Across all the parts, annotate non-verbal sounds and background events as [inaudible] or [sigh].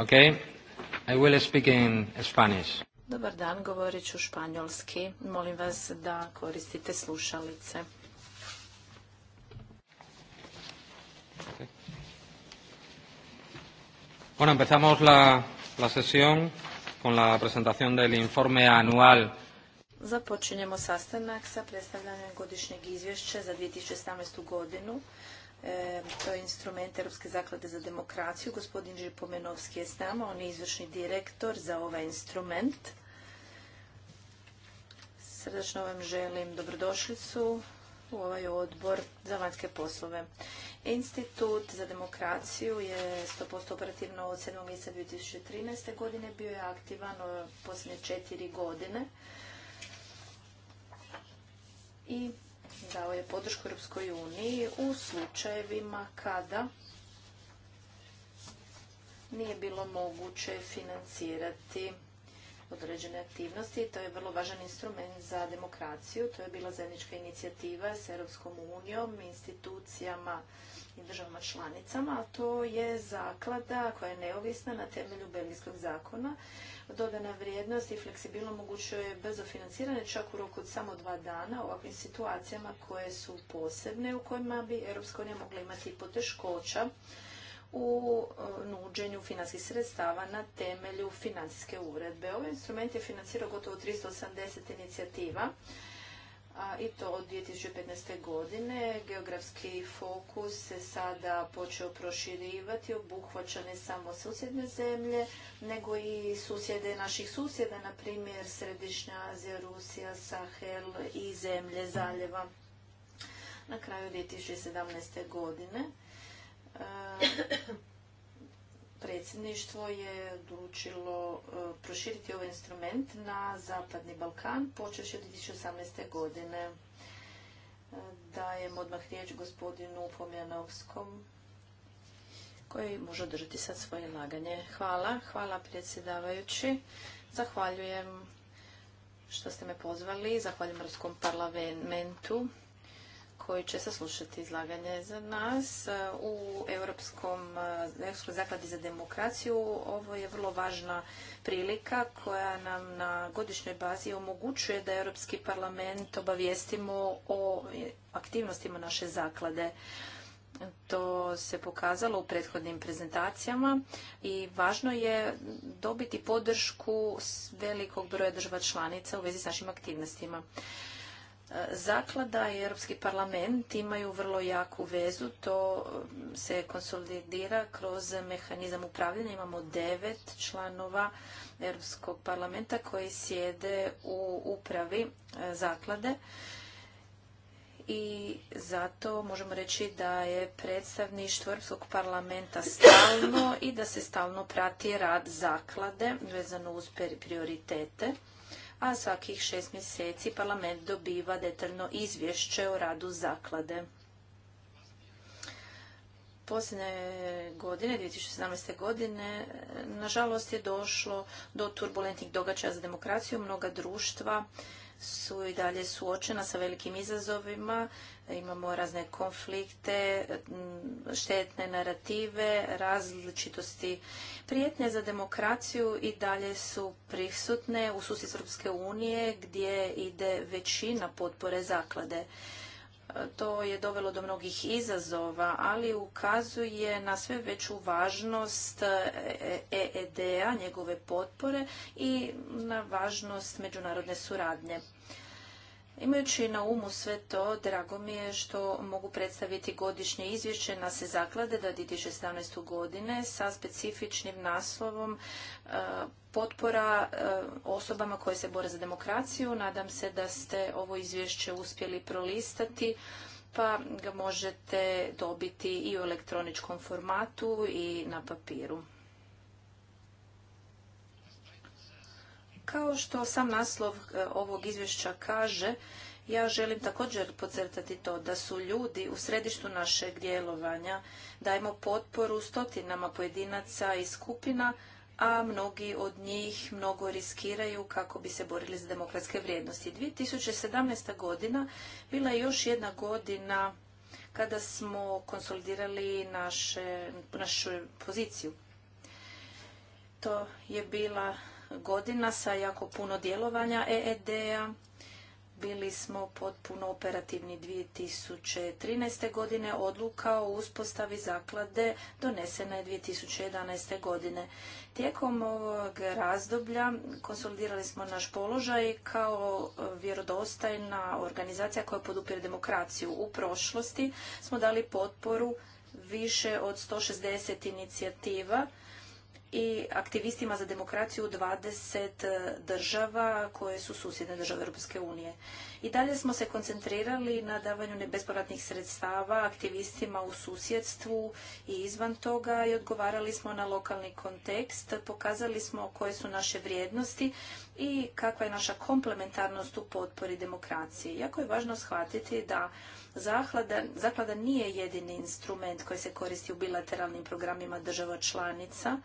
Okay. I will speak in Spanish. Dobar dan, govorit ću španjolski. Molim vas da koristite slušalice. Okay. Bueno, empezamos la, la sesión con la presentación del informe anual Započinjemo sastanak sa predstavljanjem godišnjeg izvješća za 2017. godinu E, to je instrument Europske zaklade za demokraciju. Gospodin Žipomenovski je s nama, on je izvršni direktor za ovaj instrument. Srdačno vam želim dobrodošlicu u ovaj odbor za vanjske poslove. Institut za demokraciju je 100% operativno od 7. mjeseca 2013. godine. Bio je aktivan posljednje četiri godine. I dao je podršku Europskoj uniji u slučajevima kada nije bilo moguće financirati određene aktivnosti. To je vrlo važan instrument za demokraciju. To je bila zajednička inicijativa s Europskom unijom, institucijama i državama članicama. A to je zaklada koja je neovisna na temelju belgijskog zakona. Dodana vrijednost i fleksibilno omogućuje brzo financiranje čak u roku od samo dva dana u ovakvim situacijama koje su posebne u kojima bi Europska unija mogla imati poteškoća u e, nuđenju financijskih sredstava na temelju financijske uredbe. Ovaj instrument je financirao gotovo 380 inicijativa i to od 2015. godine. Geografski fokus se sada počeo proširivati, obuhvaća ne samo susjedne zemlje, nego i susjede naših susjeda, na primjer Središnja Azija, Rusija, Sahel i zemlje zaljeva. Na kraju 2017. godine [coughs] predsjedništvo je odlučilo e, proširiti ovaj instrument na Zapadni Balkan počeš od 2018. godine. E, dajem odmah riječ gospodinu Pomjanovskom koji može održati sad svoje laganje. Hvala, hvala predsjedavajući. Zahvaljujem što ste me pozvali, zahvaljujem Ruskom parlamentu koji će saslušati izlaganje za nas e, u Europskom, e, Europskoj zakladi za demokraciju. Ovo je vrlo važna prilika koja nam na godišnjoj bazi omogućuje da Europski parlament obavijestimo o aktivnostima naše zaklade. To se pokazalo u prethodnim prezentacijama i važno je dobiti podršku velikog broja država članica u vezi s našim aktivnostima. Zaklada i Europski parlament imaju vrlo jaku vezu, to um, se konsolidira kroz mehanizam upravljanja. Imamo devet članova Europskog parlamenta koji sjede u upravi uh, zaklade i zato možemo reći da je predstavništvo Europskog parlamenta stalno i da se stalno prati rad zaklade vezano uz prioritete a svakih šest mjeseci parlament dobiva detaljno izvješće o radu zaklade. Posljedne godine, 2017. godine, nažalost je došlo do turbulentnih događaja za demokraciju. Mnoga društva su i dalje suočena sa velikim izazovima. Imamo razne konflikte, štetne narative, različitosti. Prijetnje za demokraciju i dalje su prisutne u susjedstvu Srpske unije gdje ide većina potpore zaklade. To je dovelo do mnogih izazova, ali ukazuje na sve veću važnost EED-a, njegove potpore i na važnost međunarodne suradnje. Imajući na umu sve to, drago mi je što mogu predstaviti godišnje izvješće na se zaklade da 2017. godine sa specifičnim naslovom e, potpora e, osobama koje se bore za demokraciju. Nadam se da ste ovo izvješće uspjeli prolistati pa ga možete dobiti i u elektroničkom formatu i na papiru. Kao što sam naslov e, ovog izvješća kaže, ja želim također podcrtati to da su ljudi u središtu našeg djelovanja, dajemo potporu stotinama pojedinaca i skupina, a mnogi od njih mnogo riskiraju kako bi se borili za demokratske vrijednosti. 2017. godina bila je još jedna godina kada smo konsolidirali naše, našu poziciju. To je bila godina sa jako puno djelovanja EED-a. Bili smo potpuno operativni 2013. godine. Odluka o uspostavi zaklade donesena je 2011. godine. Tijekom ovog razdoblja konsolidirali smo naš položaj kao vjerodostajna organizacija koja podupire demokraciju. U prošlosti smo dali potporu više od 160 inicijativa i aktivistima za demokraciju u 20 e, država koje su susjedne države Europske unije. I dalje smo se koncentrirali na davanju bespovratnih sredstava aktivistima u susjedstvu i izvan toga i odgovarali smo na lokalni kontekst, pokazali smo koje su naše vrijednosti i kakva je naša komplementarnost u potpori demokraciji. Jako je važno shvatiti da zaklada, zaklada nije jedini instrument koji se koristi u bilateralnim programima država članica,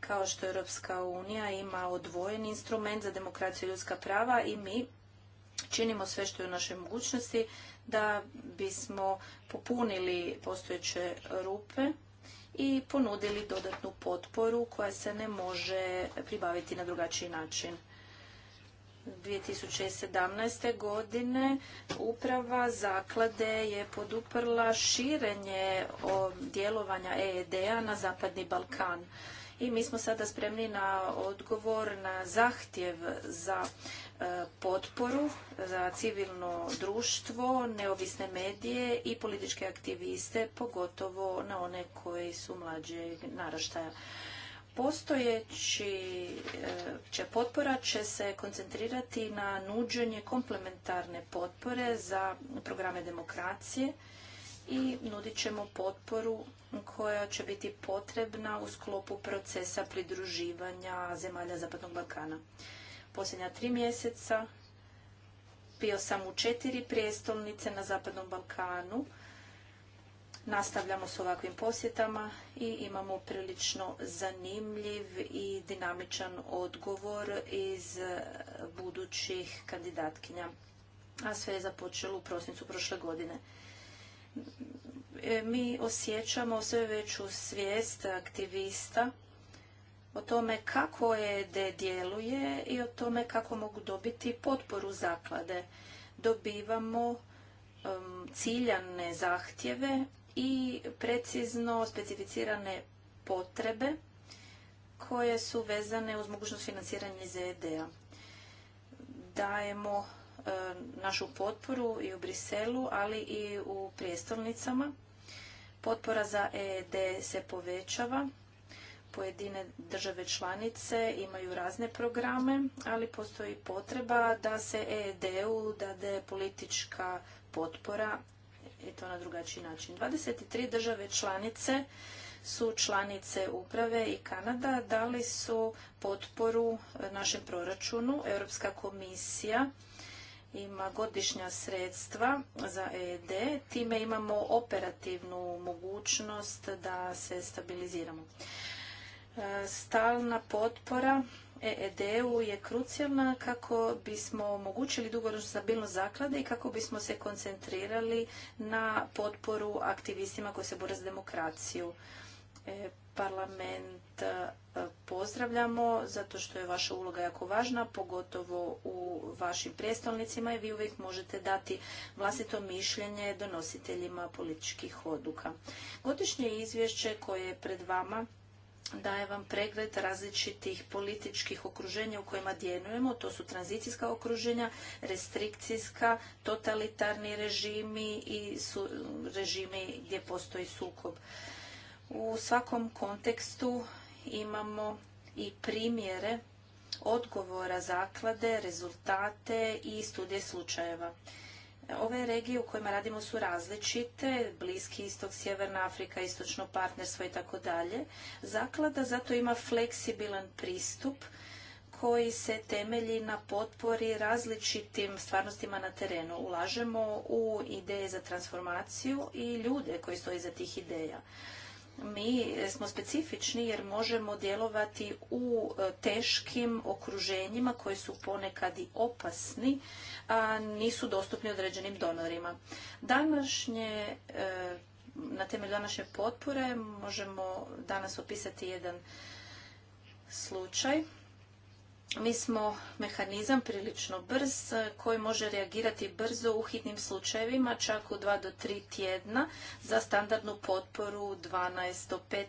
kao što Europska unija ima odvojen instrument za demokraciju i ljudska prava i mi činimo sve što je u našoj mogućnosti da bismo popunili postojeće rupe i ponudili dodatnu potporu koja se ne može pribaviti na drugačiji način. 2017. godine uprava zaklade je poduprla širenje djelovanja EED-a na Zapadni Balkan i mi smo sada spremni na odgovor na zahtjev za e, potporu za civilno društvo, neovisne medije i političke aktiviste, pogotovo na one koji su mlađeg naraštaja. Postojeći e, potpora će se koncentrirati na nuđenje komplementarne potpore za programe demokracije, i nudit ćemo potporu koja će biti potrebna u sklopu procesa pridruživanja zemalja Zapadnog Balkana. Posljednja tri mjeseca bio sam u četiri prijestolnice na Zapadnom Balkanu. Nastavljamo s ovakvim posjetama i imamo prilično zanimljiv i dinamičan odgovor iz budućih kandidatkinja. A sve je započelo u prosincu prošle godine. E, mi osjećamo sve veću svijest aktivista o tome kako ED djeluje i o tome kako mogu dobiti potporu zaklade. Dobivamo ciljane zahtjeve i precizno specificirane potrebe koje su vezane uz mogućnost financiranja iz ED-a. Dajemo E, našu potporu i u Briselu, ali i u prijestolnicama. Potpora za EED se povećava. Pojedine države članice imaju razne programe, ali postoji potreba da se EED-u dade politička potpora i to na drugačiji način. 23 države članice su članice uprave i Kanada dali su potporu e, našem proračunu. Europska komisija ima godišnja sredstva za ED, time imamo operativnu mogućnost da se stabiliziramo. E, stalna potpora EED-u je krucijalna kako bismo omogućili dugoročnu stabilnost zaklade i kako bismo se koncentrirali na potporu aktivistima koji se bore za demokraciju. E, parlament e, pozdravljamo zato što je vaša uloga jako važna, pogotovo u vašim predstavnicima i vi uvijek možete dati vlastito mišljenje donositeljima političkih odluka. Godišnje izvješće koje je pred vama daje vam pregled različitih političkih okruženja u kojima djelujemo. To su tranzicijska okruženja, restrikcijska, totalitarni režimi i režimi gdje postoji sukob. U svakom kontekstu imamo i primjere odgovora zaklade, rezultate i studije slučajeva. Ove regije u kojima radimo su različite, Bliski istok, Sjeverna Afrika, Istočno partnerstvo i tako dalje. Zaklada zato ima fleksibilan pristup koji se temelji na potpori različitim stvarnostima na terenu. Ulažemo u ideje za transformaciju i ljude koji stoje iza tih ideja mi smo specifični jer možemo djelovati u e, teškim okruženjima koji su ponekad i opasni, a nisu dostupni određenim donorima. Današnje, e, na temelju današnje potpore možemo danas opisati jedan slučaj mi smo mehanizam prilično brz koji može reagirati brzo u hitnim slučajevima, čak u 2 do 3 tjedna za standardnu potporu 12 do 15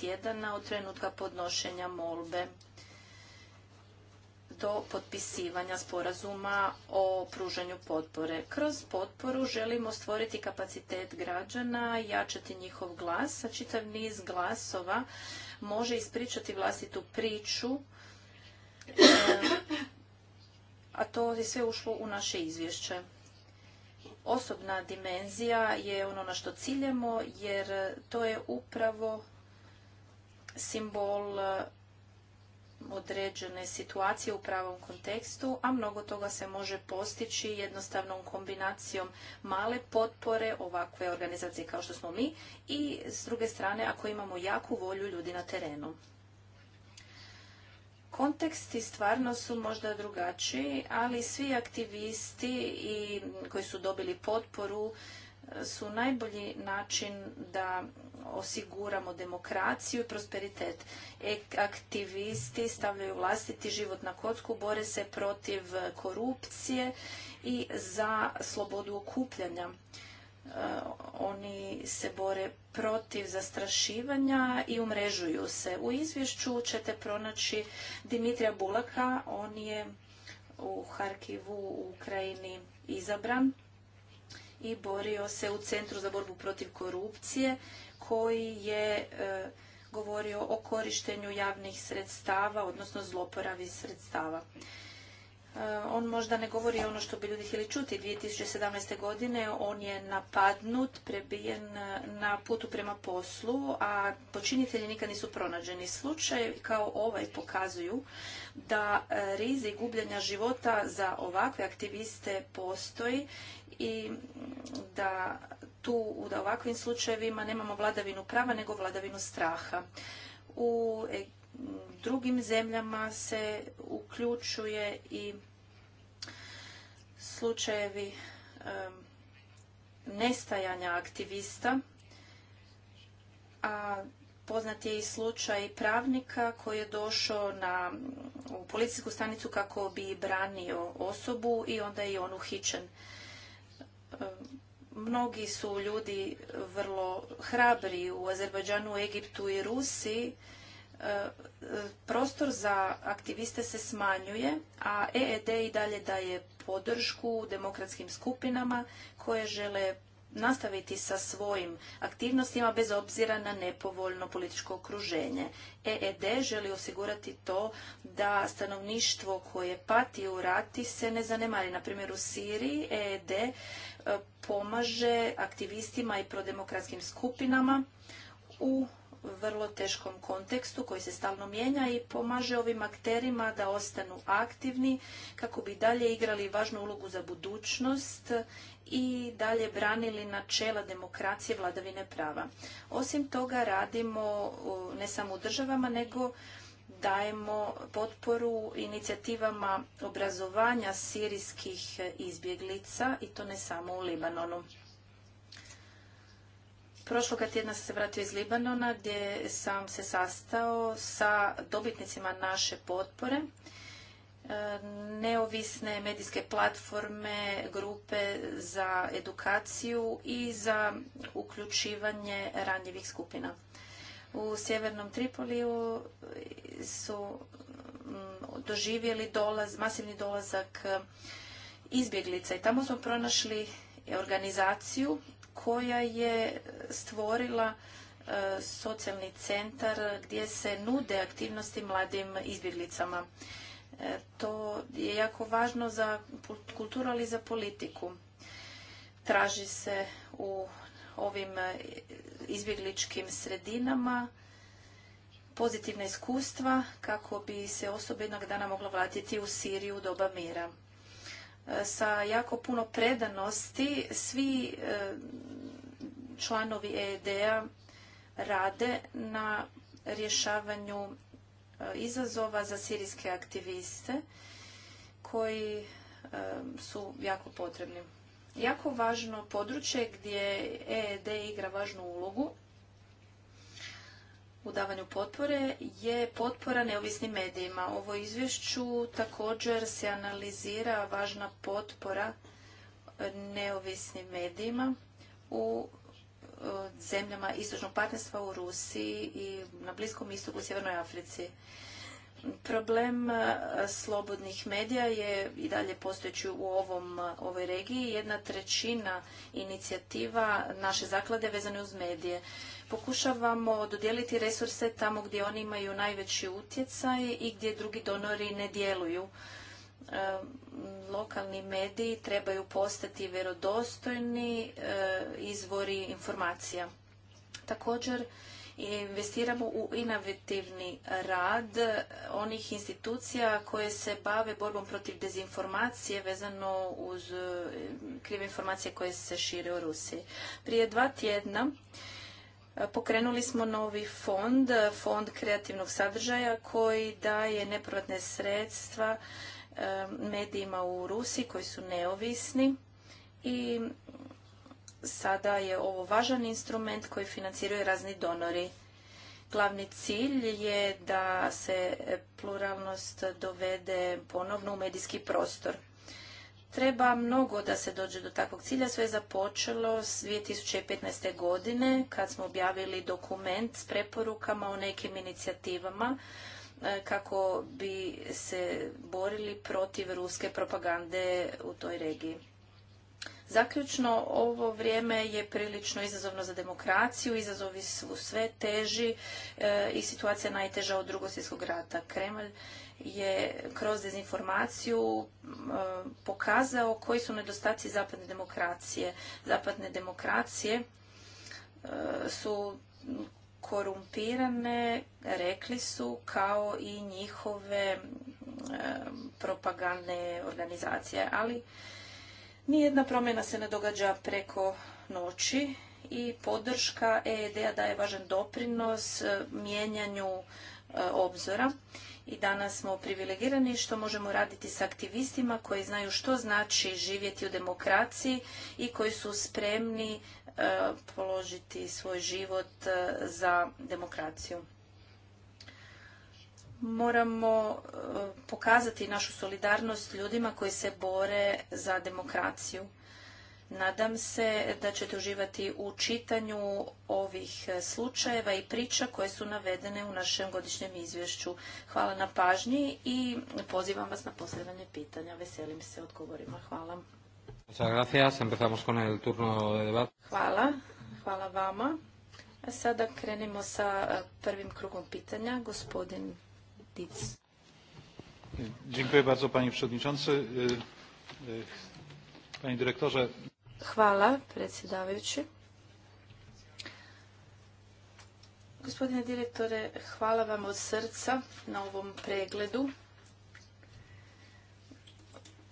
tjedana od trenutka podnošenja molbe do potpisivanja sporazuma o pružanju potpore. Kroz potporu želimo stvoriti kapacitet građana, jačati njihov glas, a čitav niz glasova može ispričati vlastitu priču a to je sve ušlo u naše izvješće. Osobna dimenzija je ono na što ciljemo jer to je upravo simbol e, određene situacije u pravom kontekstu, a mnogo toga se može postići jednostavnom kombinacijom male potpore ovakve organizacije kao što smo mi i s druge strane ako imamo jaku volju ljudi na terenu. Konteksti stvarno su možda drugačiji, ali svi aktivisti i koji su dobili potporu e, su najbolji način da osiguramo demokraciju i prosperitet. E, aktivisti stavljaju vlastiti život na kocku, bore se protiv korupcije i za slobodu okupljanja. Eh, oni se bore protiv zastrašivanja i umrežuju se. U izvješću ćete pronaći Dimitrija Bulaka, on je u Harkivu u Ukrajini izabran i borio se u Centru za borbu protiv korupcije koji je eh, govorio o korištenju javnih sredstava, odnosno zloporavi sredstava. Eh, on možda ne govori ono što bi ljudi htjeli čuti. 2017. godine on je napadnut, prebijen eh, na putu prema poslu, a počinitelji nikad nisu pronađeni. Slučaj kao ovaj pokazuju da eh, rizik gubljenja života za ovakve aktiviste postoji i mm, da tu da ovakvim slučajevima nemamo vladavinu prava nego vladavinu straha. U drugim zemljama se uključuje i slučajevi nestajanja aktivista, a poznat je i slučaj pravnika koji je došao na, u policijsku stanicu kako bi branio osobu i onda je i on uhićen. Mnogi su ljudi vrlo hrabri u Azerbajdžanu, Egiptu i Rusiji E, prostor za aktiviste se smanjuje, a EED i dalje daje podršku demokratskim skupinama koje žele nastaviti sa svojim aktivnostima bez obzira na nepovoljno političko okruženje. EED želi osigurati to da stanovništvo koje pati u rati se ne zanemari. Na primjer u Siriji EED e, pomaže aktivistima i prodemokratskim skupinama u vrlo teškom kontekstu koji se stalno mijenja i pomaže ovim akterima da ostanu aktivni kako bi dalje igrali važnu ulogu za budućnost i dalje branili načela demokracije vladavine prava. Osim toga radimo ne samo u državama nego dajemo potporu inicijativama obrazovanja sirijskih izbjeglica i to ne samo u Libanonu. Prošloga tjedna sam se vratio iz Libanona gdje sam se sastao sa dobitnicima naše potpore, e, neovisne medijske platforme, grupe za edukaciju i za uključivanje ranjivih skupina. U sjevernom Tripoliju su mm, doživjeli dolaz, masivni dolazak izbjeglica i tamo smo pronašli organizaciju koja je stvorila e, socijalni centar gdje se nude aktivnosti mladim izbjeglicama. E, to je jako važno za kulturu, ali i za politiku. Traži se u ovim e, izbjegličkim sredinama pozitivna iskustva kako bi se osoba jednog dana mogla vratiti u Siriju u doba mira sa jako puno predanosti svi e, članovi EED-a rade na rješavanju e, izazova za sirijske aktiviste koji e, su jako potrebni. Jako važno područje gdje EED igra važnu ulogu u davanju potpore je potpora neovisnim medijima. U ovoj izvješću također se analizira važna potpora e, neovisnim medijima u e, zemljama istočnog partnerstva u Rusiji i na Bliskom istoku u Sjevernoj Africi. Problem e, slobodnih medija je i dalje postojeći u ovom, ovoj regiji. Jedna trećina inicijativa naše zaklade vezane uz medije. Pokušavamo dodijeliti resurse tamo gdje oni imaju najveći utjecaj i gdje drugi donori ne djeluju. E, lokalni mediji trebaju postati vjerodostojni e, izvori informacija. Također investiramo u inovativni rad onih institucija koje se bave borbom protiv dezinformacije vezano uz e, krive informacije koje se šire u Rusiji. Prije dva tjedna Pokrenuli smo novi fond, fond kreativnog sadržaja koji daje neprovatne sredstva medijima u Rusiji koji su neovisni i sada je ovo važan instrument koji financiraju razni donori. Glavni cilj je da se pluralnost dovede ponovno u medijski prostor. Treba mnogo da se dođe do takvog cilja. Sve je započelo s 2015. godine kad smo objavili dokument s preporukama o nekim inicijativama e, kako bi se borili protiv ruske propagande u toj regiji. Zaključno, ovo vrijeme je prilično izazovno za demokraciju, izazovi su sve teži e, i situacija najteža od drugog rata. Kremlj je kroz dezinformaciju pokazao koji su nedostaci zapadne demokracije. Zapadne demokracije e, su korumpirane, rekli su, kao i njihove propagandne organizacije. Ali nijedna promjena se ne događa preko noći i podrška EED-a daje važan doprinos e, mijenjanju e, obzora i danas smo privilegirani što možemo raditi s aktivistima koji znaju što znači živjeti u demokraciji i koji su spremni e, položiti svoj život e, za demokraciju. Moramo e, pokazati našu solidarnost ljudima koji se bore za demokraciju. Nadam se da ćete uživati u čitanju ovih e, slučajeva i priča koje su navedene u našem godišnjem izvješću. Hvala na pažnji i pozivam vas na postavljanje pitanja. Veselim se odgovorima. Hvala. Hvala. Hvala vama. sada krenimo sa e, prvim krugom pitanja. Gospodin Dic. Dziękuję bardzo, panie przewodniczący. E, panie dyrektorze, Hvala, predsjedavajući. Gospodine direktore, hvala vam od srca na ovom pregledu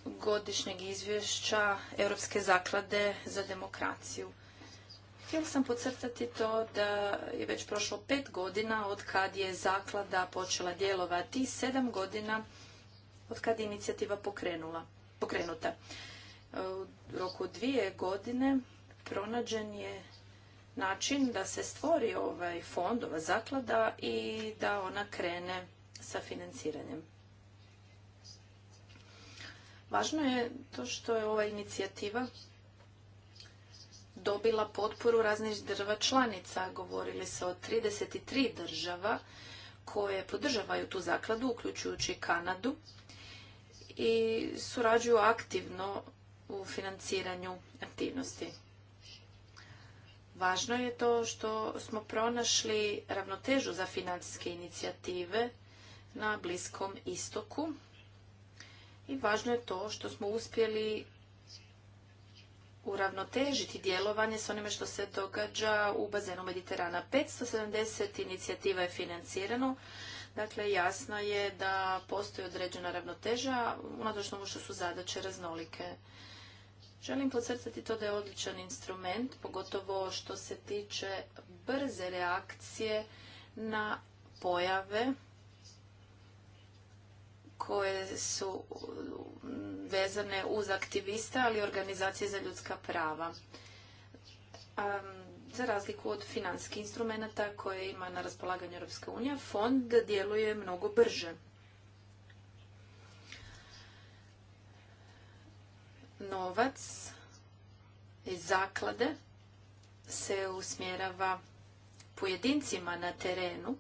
godišnjeg izvješća Europske zaklade za demokraciju. Htjela sam podcrtati to da je već prošlo pet godina od kad je zaklada počela djelovati i sedam godina od kad je inicijativa pokrenula, pokrenuta u roku dvije godine pronađen je način da se stvori ovaj fond, ova zaklada i da ona krene sa financiranjem. Važno je to što je ova inicijativa dobila potporu raznih država članica. Govorili se o 33 država koje podržavaju tu zakladu, uključujući Kanadu i surađuju aktivno u financiranju aktivnosti. Važno je to što smo pronašli ravnotežu za financijske inicijative na Bliskom istoku i važno je to što smo uspjeli uravnotežiti djelovanje s onime što se događa u bazenu Mediterana. 570 inicijativa je financirano, dakle jasno je da postoji određena ravnoteža, unatoč tomu što su zadaće raznolike. Želim podcrtati to da je odličan instrument, pogotovo što se tiče brze reakcije na pojave koje su vezane uz aktiviste, ali i organizacije za ljudska prava. za razliku od finanskih instrumenta koje ima na raspolaganju Europska unija, fond djeluje mnogo brže. novac iz zaklade se usmjerava pojedincima na terenu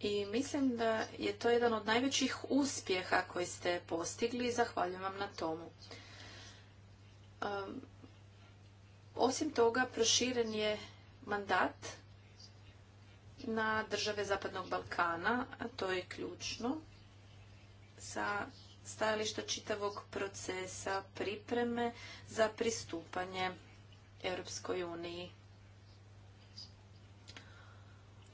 i mislim da je to jedan od najvećih uspjeha koji ste postigli i zahvaljujem vam na tomu. osim toga, proširen je mandat na države Zapadnog Balkana, a to je ključno, sa stajališta čitavog procesa pripreme za pristupanje Europskoj uniji.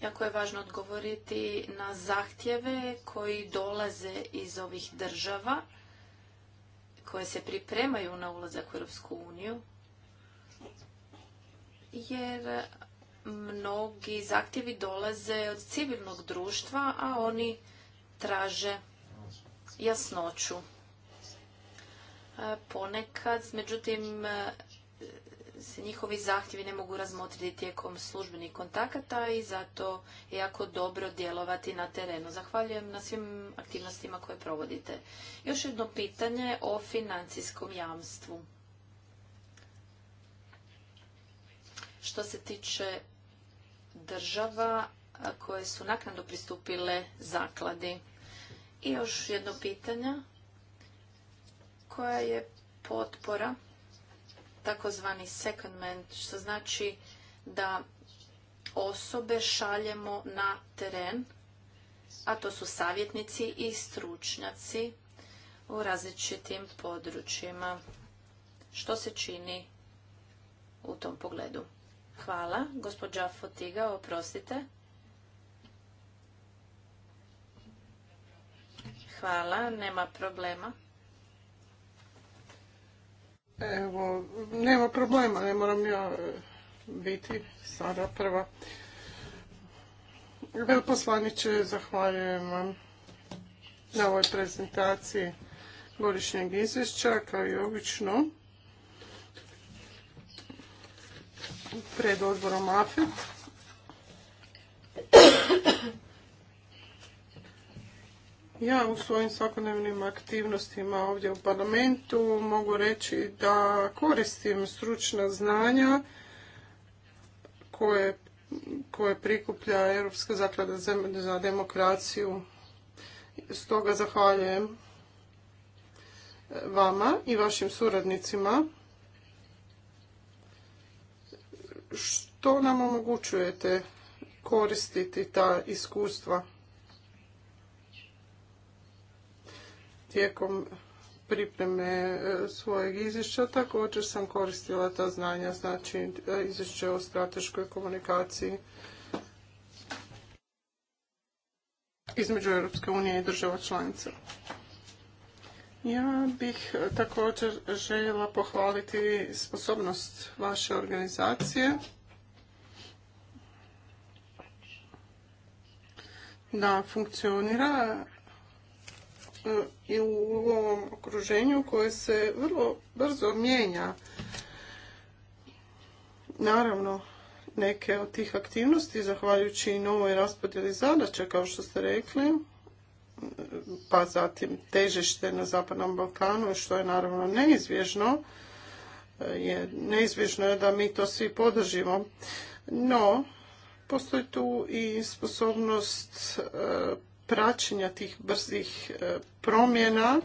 Jako je važno odgovoriti na zahtjeve koji dolaze iz ovih država koje se pripremaju na ulazak u Europsku uniju, jer mnogi zahtjevi dolaze od civilnog društva, a oni traže jasnoću. E, ponekad, međutim, e, se njihovi zahtjevi ne mogu razmotriti tijekom službenih kontakata i zato je jako dobro djelovati na terenu. Zahvaljujem na svim aktivnostima koje provodite. Još jedno pitanje o financijskom jamstvu. Što se tiče država koje su naknadno pristupile zakladi. I još jedno pitanje koja je potpora takozvani second što znači da osobe šaljemo na teren, a to su savjetnici i stručnjaci u različitim područjima. Što se čini u tom pogledu? Hvala. Gospođa Fotiga, oprostite. Hvala, nema problema. Evo, nema problema, ne moram ja e, biti sada prva. Veliposlaniče, zahvaljujem vam na ovoj prezentaciji godišnjeg izvješća, kao i obično. Pred odborom AFET. Ja u svojim svakodnevnim aktivnostima ovdje u parlamentu mogu reći da koristim stručna znanja koje, koje prikuplja Europska zaklada za demokraciju. Stoga zahvaljujem vama i vašim suradnicima što nam omogućujete koristiti ta iskustva tijekom pripreme e, svojeg izvješća također sam koristila ta znanja, znači e, izvješće o strateškoj komunikaciji između Europske unije i država članica. Ja bih e, također željela pohvaliti sposobnost vaše organizacije da funkcionira i u ovom okruženju koje se vrlo brzo mijenja. Naravno, neke od tih aktivnosti, zahvaljujući i novoj raspodjeli zadaća, kao što ste rekli, pa zatim težište na Zapadnom Balkanu, što je naravno neizvježno, je neizvježno je da mi to svi podržimo. No, postoji tu i sposobnost e, praćenja tih brzih e, promjena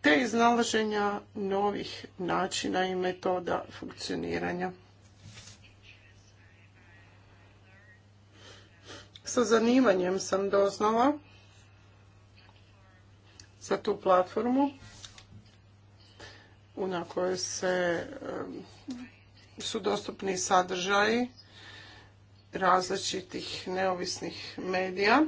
te iznalaženja novih načina i metoda funkcioniranja. Sa zanimanjem sam doznala za tu platformu na kojoj se e, su dostupni sadržaji različitih neovisnih medija.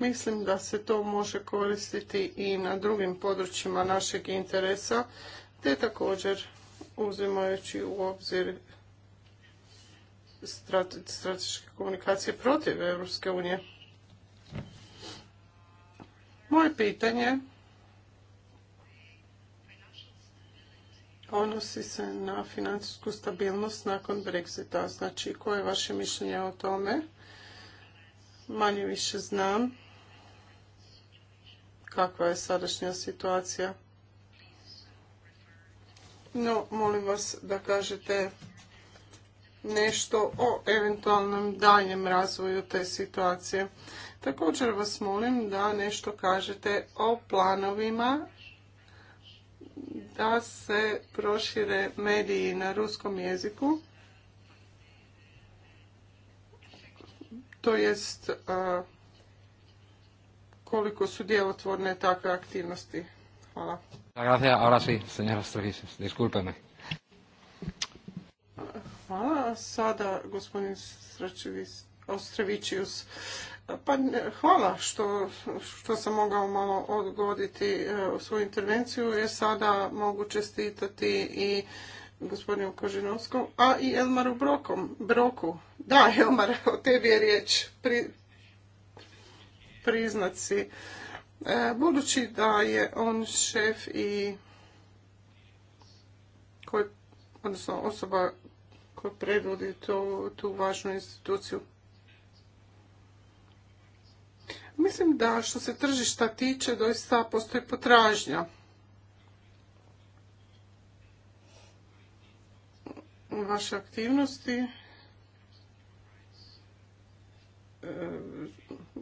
Mislim da se to može koristiti i na drugim područjima našeg interesa, te također uzimajući u obzir strateške komunikacije protiv Europske unije. Moje pitanje odnosi se na financijsku stabilnost nakon Brexita. Znači, koje je vaše mišljenje o tome? Manje više znam kakva je sadašnja situacija. No, molim vas da kažete nešto o eventualnom daljem razvoju te situacije. Također vas molim da nešto kažete o planovima da se prošire mediji na ruskom jeziku. To jest koliko su djelotvorne takve aktivnosti. Hvala. Hvala. Sada gospodin Ostrevićius. Pa hvala što, što sam mogao malo odgoditi e, svoju intervenciju jer sada mogu čestitati i gospodinu Kožinovskom, a i Elmaru Brokom, Broku. Da, Elmar, o tebi je riječ. Pri, priznaci. E, budući da je on šef i odnosno osoba koja predvodi tu, tu važnu instituciju. Mislim da što se tržišta tiče, doista postoji potražnja. Vaše aktivnosti e,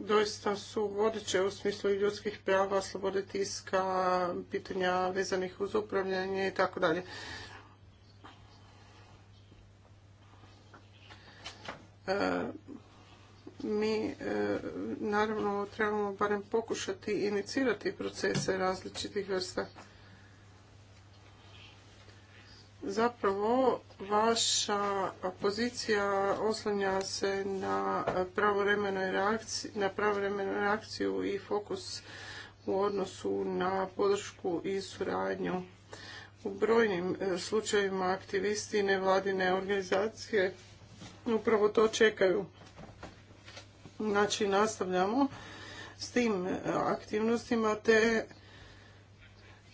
doista su vodeće u smislu ljudskih prava, slobode tiska, pitanja vezanih uz upravljanje i tako dalje. E, mi e, naravno trebamo barem pokušati inicirati procese različitih vrsta Zapravo, vaša pozicija oslanja se na pravovremenu reakciju, na pravovremenu reakciju i fokus u odnosu na podršku i suradnju. U brojnim e, slučajevima aktivisti nevladine organizacije upravo to čekaju. Znači, nastavljamo s tim e, aktivnostima te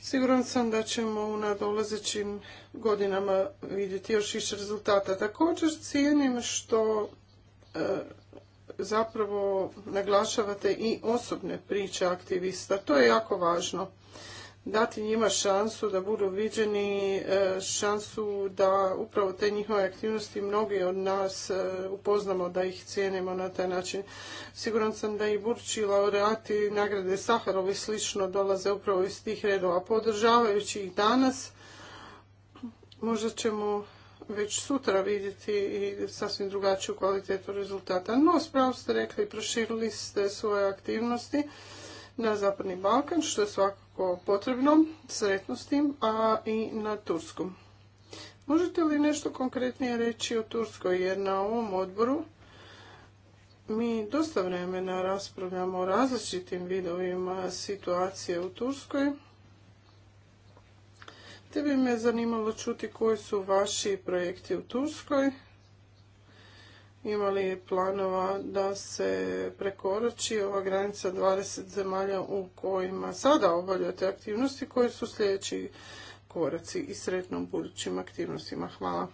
Siguran sam da ćemo u nadolazećim godinama vidjeti još više rezultata. Također cijenim što e, zapravo naglašavate i osobne priče aktivista. To je jako važno dati njima šansu da budu viđeni, e, šansu da upravo te njihove aktivnosti mnogi od nas e, upoznamo, da ih cijenimo na taj način. Siguran sam da i Burči, laureati, nagrade Saharovi slično dolaze upravo iz tih redova. Podržavajući ih danas, možda ćemo već sutra vidjeti i sasvim drugačiju kvalitetu rezultata. No, spravo ste rekli, proširili ste svoje aktivnosti na Zapadni Balkan, što je svakako potrebnom potrebno, sretno s tim, a i na Turskom. Možete li nešto konkretnije reći o Turskoj, jer na ovom odboru mi dosta vremena raspravljamo o različitim vidovima situacije u Turskoj. Te bi me zanimalo čuti koji su vaši projekti u Turskoj imali planova da se prekorači ova granica 20 zemalja u kojima sada obavljate aktivnosti, koji su sljedeći koraci i sretno u budućim aktivnostima. Hvala.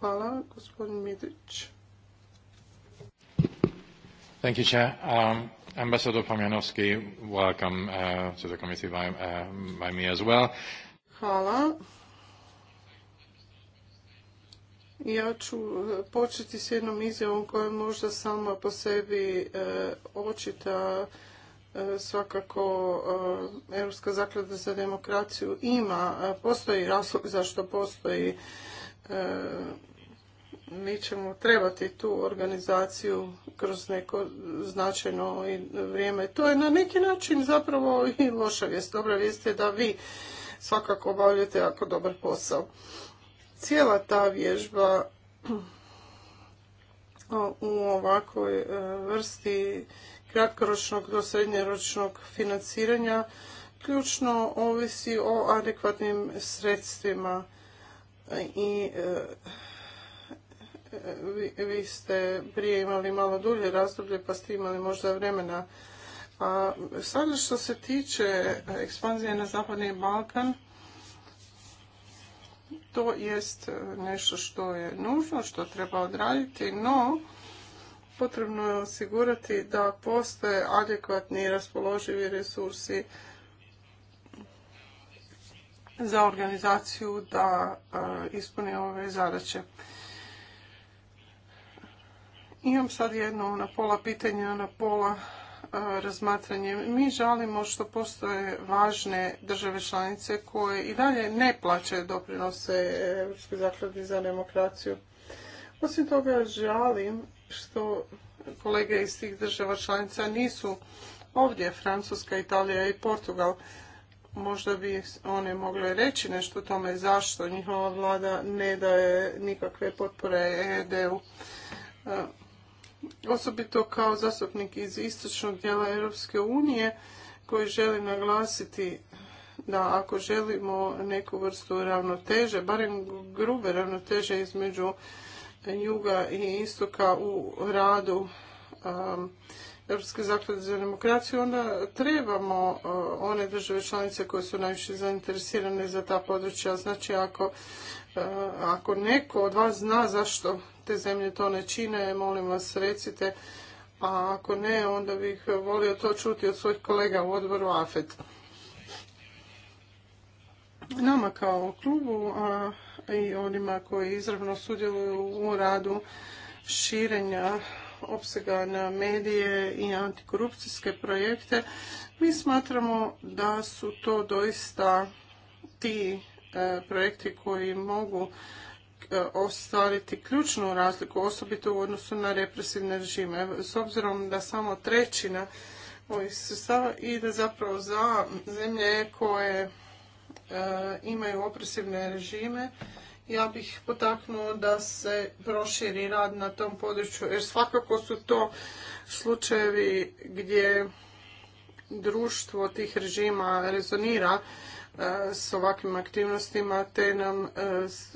Hvala, gospodin Midrić. Thank you, Chair. Um, Ambassador Pomjanovski, welcome uh, to the committee by, uh, by me as well. Hvala. Ja ću e, početi s jednom izjavom koja je možda sama po sebi e, očita e, svakako Europska zaklada za demokraciju ima, postoji razlog zašto postoji mi ćemo trebati tu organizaciju kroz neko značajno vrijeme. To je na neki način zapravo i loša vijest. Dobra vijest je da vi svakako obavljate jako dobar posao cijela ta vježba u ovakvoj e, vrsti kratkoročnog do srednjeročnog financiranja ključno ovisi o adekvatnim sredstvima i e, vi ste prije imali malo dulje razdoblje pa ste imali možda vremena. A sada što se tiče e, ekspanzije na Zapadni Balkan, to jest e, nešto što je nužno, što treba odraditi, no potrebno je osigurati da postoje adekvatni i raspoloživi resursi za organizaciju da e, ispuni ove zadaće. Imam sad jedno na pola pitanja, na pola razmatranje. Mi žalimo što postoje važne države članice koje i dalje ne plaćaju doprinose Evropske zakladi za demokraciju. Osim toga žalim što kolege iz tih država članica nisu ovdje, Francuska, Italija i Portugal. Možda bi one mogle reći nešto o tome zašto njihova vlada ne daje nikakve potpore EU. u osobito kao zastupnik iz istočnog dijela Europske unije koji želi naglasiti da ako želimo neku vrstu ravnoteže, barem grube ravnoteže između juga i istoka u radu um, Europske zaklade za demokraciju, onda trebamo uh, one države članice koje su najviše zainteresirane za ta područja. Znači, ako, uh, ako neko od vas zna zašto te zemlje to ne čine, molim vas recite, a ako ne, onda bih volio to čuti od svojih kolega u odboru AFET. Nama kao klubu, a i onima koji izravno sudjeluju u radu širenja opsega na medije i antikorupcijske projekte, mi smatramo da su to doista ti e, projekti koji mogu E, ostvariti ključnu razliku, osobito u odnosu na represivne režime. S obzirom da samo trećina ovih sredstava ide zapravo za zemlje koje e, imaju opresivne režime, ja bih potaknuo da se proširi rad na tom području, jer svakako su to slučajevi gdje društvo tih režima rezonira s ovakvim aktivnostima te nam e,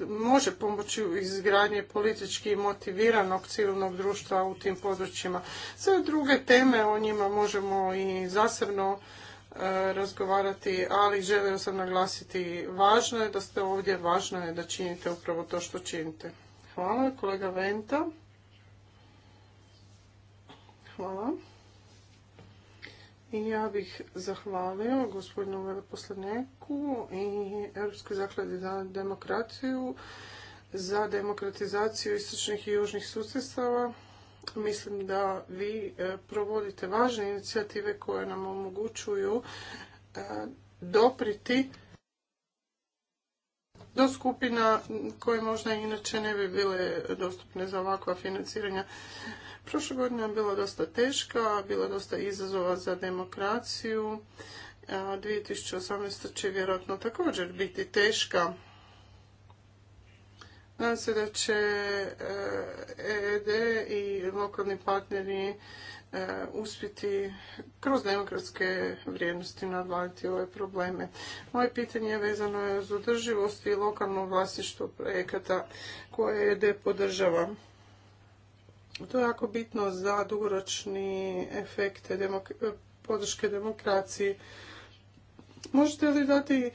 može pomoći u izgradnje politički motiviranog civilnog društva u tim područjima. Sve druge teme o njima možemo i zasebno e, razgovarati, ali želio sam naglasiti važno je da ste ovdje, važno je da činite upravo to što činite. Hvala, kolega Venta. Hvala. I ja bih zahvalio gospodinu veleposlaniku i Europskoj zakladi za demokraciju za demokratizaciju istočnih i južnih susjedstava. Mislim da vi e, provodite važne inicijative koje nam omogućuju e, dopriti do skupina koje možda inače ne bi bile dostupne za ovakva financiranja. Prošle godine je bila dosta teška, bilo dosta izazova za demokraciju. 2018. će vjerojatno također biti teška. Nadam se da će EED e i lokalni partneri e, uspjeti kroz demokratske vrijednosti nadvaliti ove probleme. Moje pitanje je vezano je uz održivost i lokalno vlasništvo projekata koje EED podržava. To je jako bitno za dugoročni efekte podrške demokraciji. Možete li dati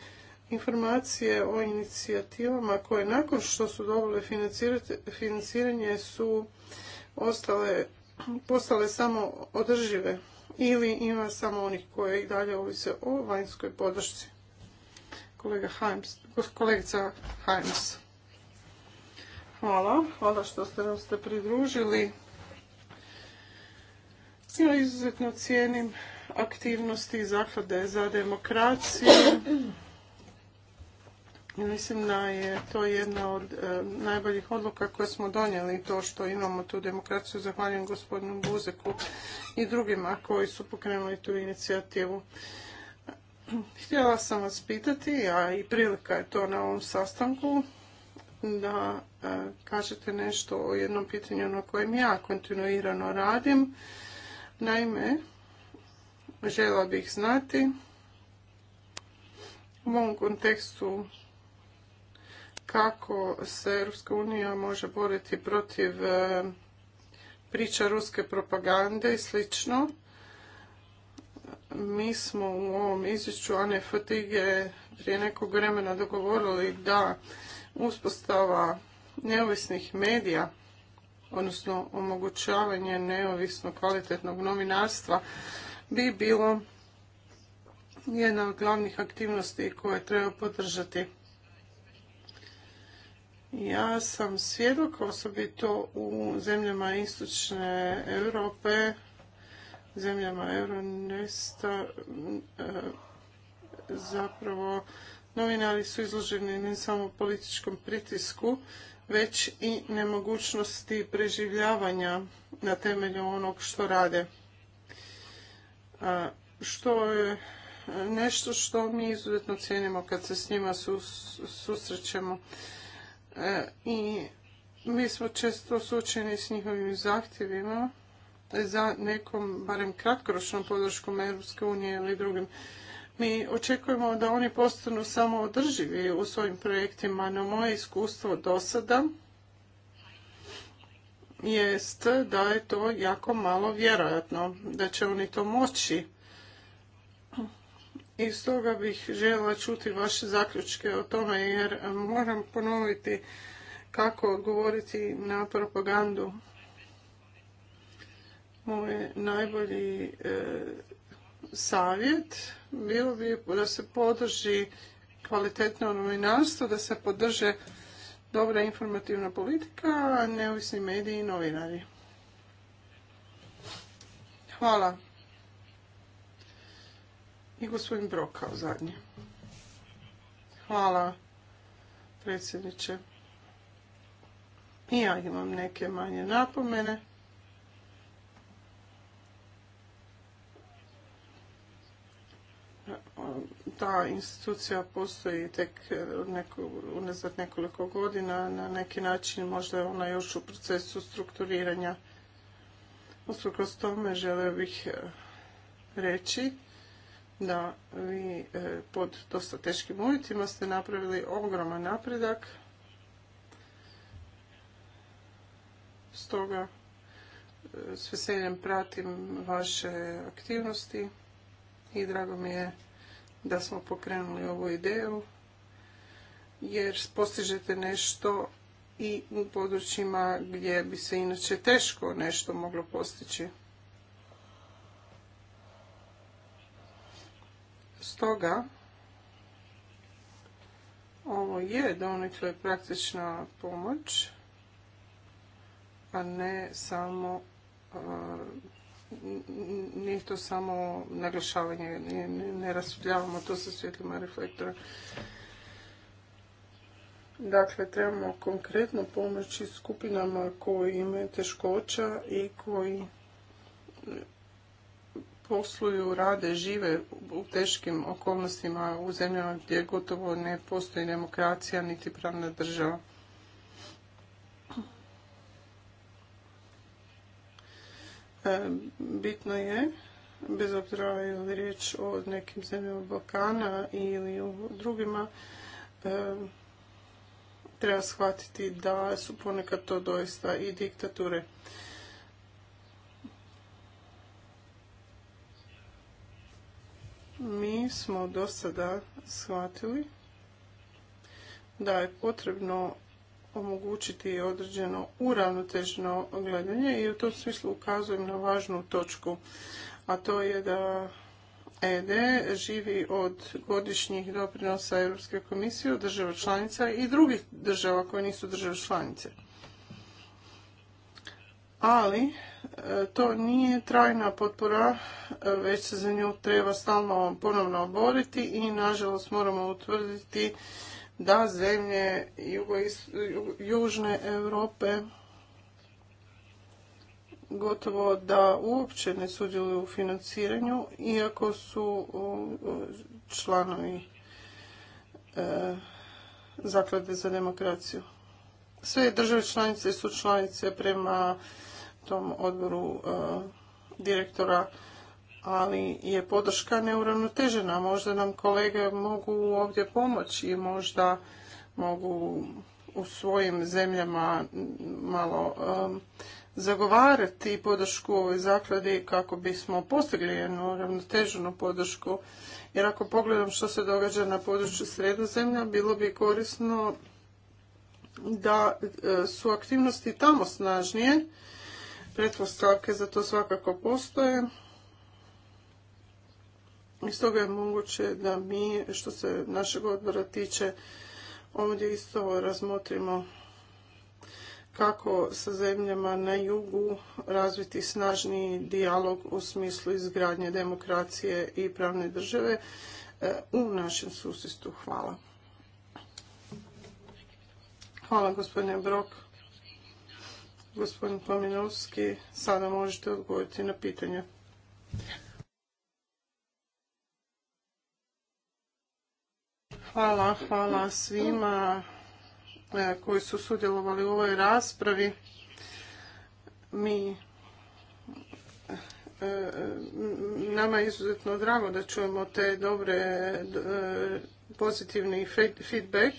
informacije o inicijativama koje nakon što su dobile financiranje su ostale, postale samo održive ili ima samo onih koje i dalje ovise o vanjskoj podršci. Kolega kolegica Haims. Hvala, hvala što ste nam se pridružili. Ja izuzetno cijenim aktivnosti Zaklade za demokraciju. Mislim da je to jedna od e, najboljih odluka koje smo donijeli, to što imamo tu demokraciju. Zahvaljujem gospodinu Buzeku i drugima koji su pokrenuli tu inicijativu. Htjela sam vas pitati, a i prilika je to na ovom sastanku, da e, kažete nešto o jednom pitanju na kojem ja kontinuirano radim Naime, žela bih znati u ovom kontekstu kako se Europska unija može boriti protiv e, priča ruske propagande i slično. Mi smo u ovom izvješću Ane Fatige prije nekog vremena dogovorili da uspostava neovisnih medija odnosno omogućavanje neovisno kvalitetnog novinarstva bi bilo jedna od glavnih aktivnosti koje treba podržati. Ja sam svjedok, osobito u zemljama istočne Europe, zemljama Euronesta, e, zapravo novinari su izloženi ne samo političkom pritisku, već i nemogućnosti preživljavanja na temelju onog što rade. Što je e, nešto što mi izuzetno cijenimo kad se s njima susrećemo. E, I mi smo često suočeni s njihovim zahtjevima za nekom, barem kratkoročnom podrškom EU unije ili drugim mi očekujemo da oni postanu samo u svojim projektima, no moje iskustvo do sada jest da je to jako malo vjerojatno, da će oni to moći. I stoga bih željela čuti vaše zaključke o tome, jer moram ponoviti kako odgovoriti na propagandu. Moje najbolji e, savjet bilo bi da se podrži kvalitetno novinarstvo, da se podrže dobra informativna politika, neovisni mediji i novinari. Hvala. I gospodin Brokao kao zadnji. Hvala, predsjedniče. I ja imam neke manje napomene. ta institucija postoji tek eh, unazad nekoliko godina, na neki način možda je ona još u procesu strukturiranja. Usprkos tome želio bih eh, reći da vi eh, pod dosta teškim uvjetima ste napravili ogroman napredak. Stoga s veseljem pratim vaše aktivnosti i drago mi je da smo pokrenuli ovu ideju jer postižete nešto i u područjima gdje bi se inače teško nešto moglo postići. Stoga, ovo je donekle praktična pomoć, a ne samo nije to samo naglašavanje, ne, ne rasvjetljavamo to sa svjetljima reflektora. Dakle, trebamo konkretno pomoći skupinama koji imaju teškoća i koji posluju, rade, žive u teškim okolnostima u zemljama gdje gotovo ne postoji demokracija niti pravna država. E, bitno je, bez obzira je li riječ o nekim zemljama Balkana ili u drugima, e, treba shvatiti da su ponekad to doista i diktature. Mi smo do sada shvatili da je potrebno omogućiti određeno uravnotežno gledanje i u tom smislu ukazujem na važnu točku, a to je da ED živi od godišnjih doprinosa Europske komisije država članica i drugih država koje nisu države članice. Ali e, to nije trajna potpora, e, već se za nju treba stalno ponovno oboriti i nažalost moramo utvrditi da zemlje južne Europe gotovo da uopće ne sudjeluju u financiranju, iako su članovi e, Zaklade za demokraciju. Sve države članice su članice prema tom odboru e, direktora ali je podrška neuravnotežena. Možda nam kolege mogu ovdje pomoći i možda mogu u svojim zemljama malo um, zagovarati podršku ovoj zakladi kako bismo postigli jednu ravnoteženu podršku. Jer ako pogledam što se događa na području sredozemlja, bilo bi korisno da e, su aktivnosti tamo snažnije. Pretpostavke za to svakako postoje stoga je moguće da mi, što se našeg odbora tiče, ovdje isto razmotrimo kako sa zemljama na jugu razviti snažni dijalog u smislu izgradnje demokracije i pravne države e, u našem susjedstvu. Hvala. Hvala gospodine Brok. Gospodin Pominovski, sada možete odgovoriti na pitanje. Hvala, hvala svima e, koji su sudjelovali u ovoj raspravi. Mi e, e, nama je izuzetno drago da čujemo te dobre pozitivni feedback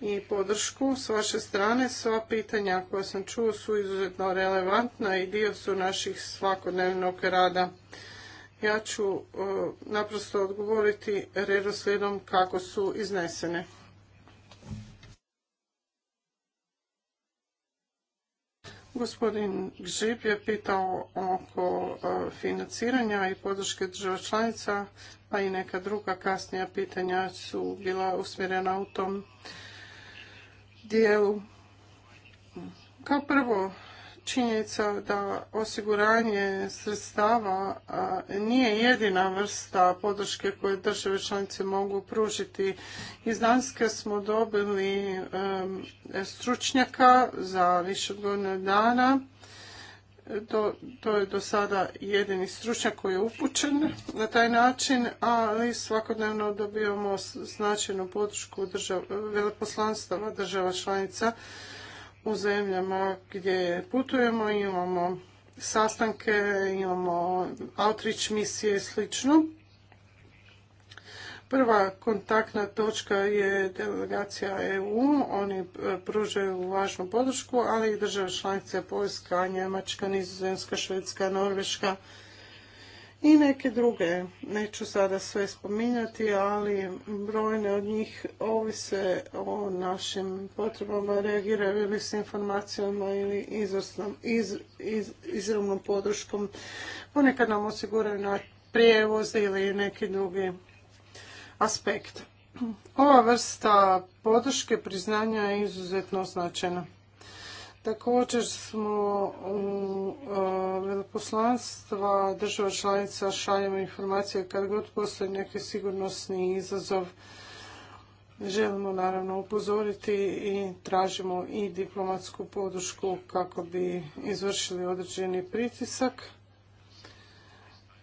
i podršku s vaše strane. Sva pitanja koja sam čuo su izuzetno relevantna i dio su naših svakodnevnog rada. Ja ću e, naprosto odgovoriti redoslijedom kako su iznesene. Gospodin Gžip je pitao oko e, financiranja i podrške država članica, pa i neka druga kasnija pitanja su bila usmjerena u tom dijelu. Kao prvo, činjenica da osiguranje sredstava nije jedina vrsta podrške koje države članice mogu pružiti. Iz Danske smo dobili stručnjaka za više od dana. To, je do sada jedini stručnjak koji je upućen na taj način, ali svakodnevno dobivamo značajnu podršku veleposlanstava država članica u zemljama gdje putujemo, imamo sastanke, imamo outreach misije i slično. Prva kontaktna točka je delegacija EU, oni e, pružaju važnu podršku, ali i države članice Poljska, Njemačka, Nizozemska, Švedska, Norveška, i neke druge. Neću sada sve spominjati, ali brojne od njih ovise o našim potrebama, reagiraju ili s informacijama ili izvrsnom, iz, izravnom podrškom. Ponekad nam osiguraju na prijevoz ili neki drugi aspekt. Ova vrsta podrške priznanja je izuzetno značajna. Također smo u e, veleposlanstva država članica šaljemo informacije kad god postoji neki sigurnosni izazov. Želimo naravno upozoriti i tražimo i diplomatsku podušku kako bi izvršili određeni pritisak.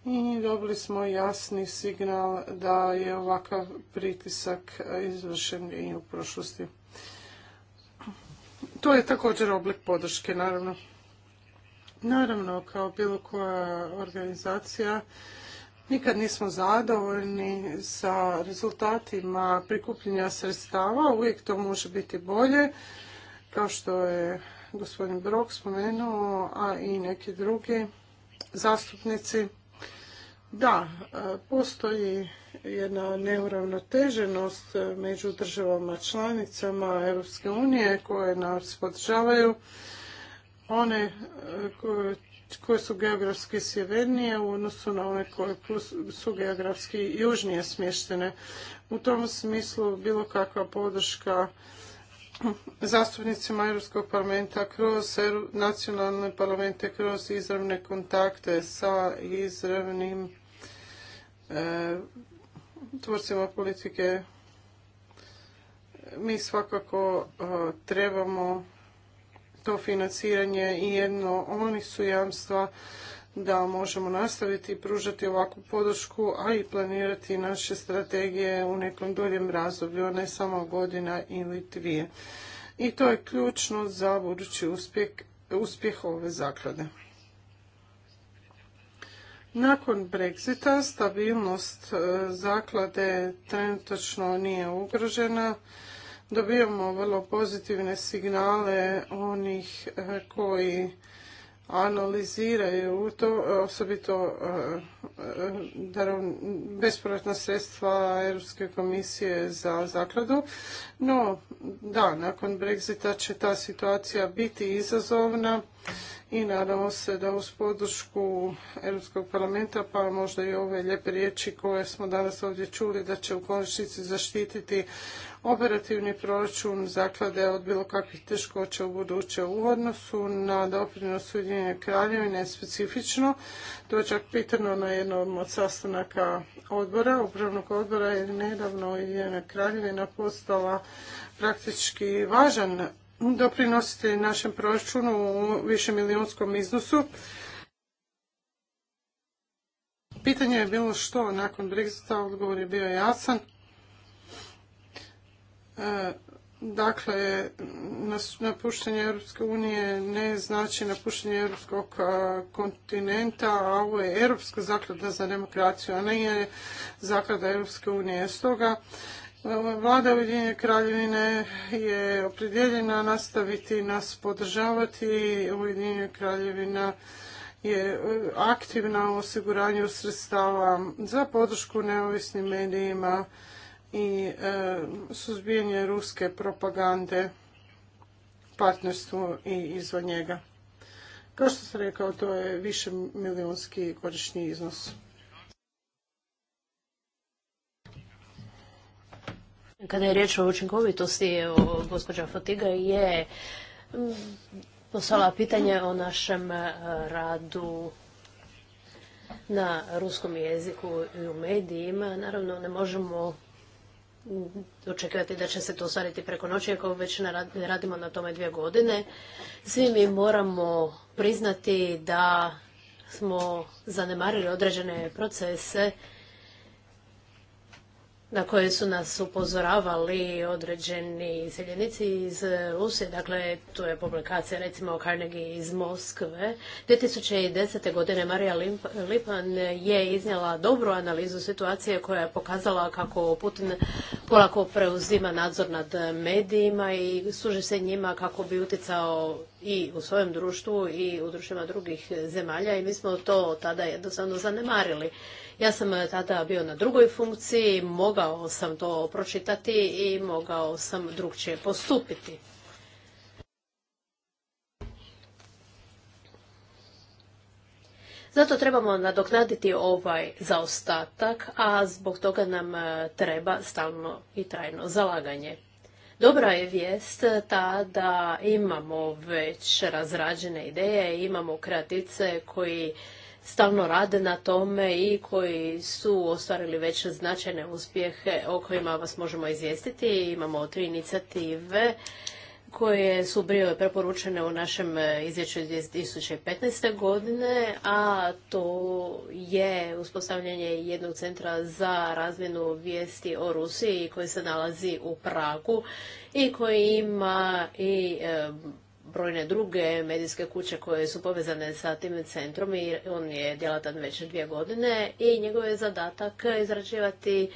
I dobili smo jasni signal da je ovakav pritisak izvršen i u prošlosti to je također oblik podrške, naravno. Naravno, kao bilo koja organizacija, nikad nismo zadovoljni sa rezultatima prikupljenja sredstava, uvijek to može biti bolje, kao što je gospodin Brok spomenuo, a i neki drugi zastupnici. Da, e, postoji jedna neuravnoteženost među državama članicama Europske unije koje nas podržavaju. One e, koje su geografski sjevernije u odnosu na one koje su geografski južnije smještene. U tom smislu bilo kakva podrška zastupnicima Europskog parlamenta kroz nacionalne parlamente, kroz izravne kontakte sa izravnim e, tvorcima politike mi svakako e, trebamo to financiranje i jedno oni su jamstva da možemo nastaviti i pružati ovakvu podršku, a i planirati naše strategije u nekom duljem razdoblju, a ne samo godina ili dvije. I to je ključno za budući uspjeh, uspjeh ove zaklade. Nakon Brexita stabilnost e, zaklade trenutačno nije ugrožena. Dobijamo vrlo pozitivne signale onih e, koji analiziraju to, osobito eh, bespovratna sredstva Europske komisije za zakladu. No, da, nakon Brexita će ta situacija biti izazovna i nadamo se da uz podršku Europskog parlamenta, pa možda i ove lijepe riječi koje smo danas ovdje čuli, da će u konačnici zaštititi operativni proračun zaklade od bilo kakvih teškoća u buduće u odnosu na doprinos Ujedinjene kraljevine specifično. To je čak pitano na jednom od sastanaka odbora, upravnog odbora, jer nedavno Ujedinjena kraljevina postala praktički važan doprinositi našem proračunu u višemilijunskom iznosu. Pitanje je bilo što nakon Brexita, odgovor je bio jasan. E, dakle, napuštenje Europske unije ne znači napuštenje europskog kontinenta, a ovo je Europska zaklada za demokraciju, a ne je zaklada Europske unije. Stoga, e, Vlada Ujedinjene kraljevine je opredjeljena nastaviti nas podržavati. Ujedinjena kraljevina je e, aktivna u osiguranju sredstava za podršku neovisnim medijima i e, suzbijanje ruske propagande partnerstvu i izvan njega. Kao što sam rekao, to je više milijonski godišnji iznos. Kada je riječ o učinkovitosti, evo, gospođa Fotiga je mm, poslala pitanje o našem e, radu na ruskom jeziku i u medijima. Naravno, ne možemo očekivati da će se to ostvariti preko noći, ako već radimo na tome dvije godine. Svi mi moramo priznati da smo zanemarili određene procese na koje su nas upozoravali određeni iseljenici iz e, Rusije. Dakle, tu je publikacija recimo o Carnegie iz Moskve. 2010. godine Marija Lipan je iznijela dobru analizu situacije koja je pokazala kako Putin polako preuzima nadzor nad medijima i služi se njima kako bi utjecao i u svojem društvu i u društvima drugih zemalja i mi smo to tada jednostavno zanemarili. Ja sam eh, tada bio na drugoj funkciji, mogao sam to pročitati i mogao sam drugčije postupiti. Zato trebamo nadoknaditi ovaj zaostatak, a zbog toga nam eh, treba stalno i trajno zalaganje. Dobra je vijest ta da imamo već razrađene ideje, imamo kreatice koji stalno rade na tome i koji su ostvarili već značajne uspjehe o kojima vas možemo izvijestiti. Imamo tri inicijative koje su bile preporučene u našem e, izvješću iz 2015. godine, a to je uspostavljanje jednog centra za razmjenu vijesti o Rusiji koji se nalazi u Pragu i koji ima i e, brojne druge medijske kuće koje su povezane sa tim centrom i on je djelatan već dvije godine i njegov je zadatak izrađivati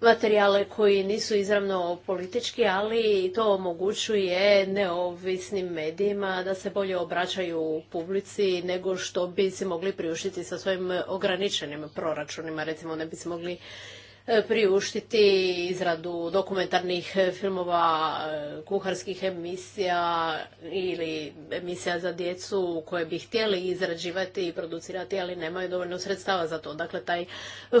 materijale koji nisu izravno politički, ali to omogućuje neovisnim medijima da se bolje obraćaju u publici nego što bi se mogli priuštiti sa svojim ograničenim proračunima. Recimo ne bi se mogli E, priuštiti izradu dokumentarnih e, filmova, e, kuharskih emisija ili emisija za djecu koje bi htjeli izrađivati i producirati, ali nemaju dovoljno sredstava za to. Dakle, taj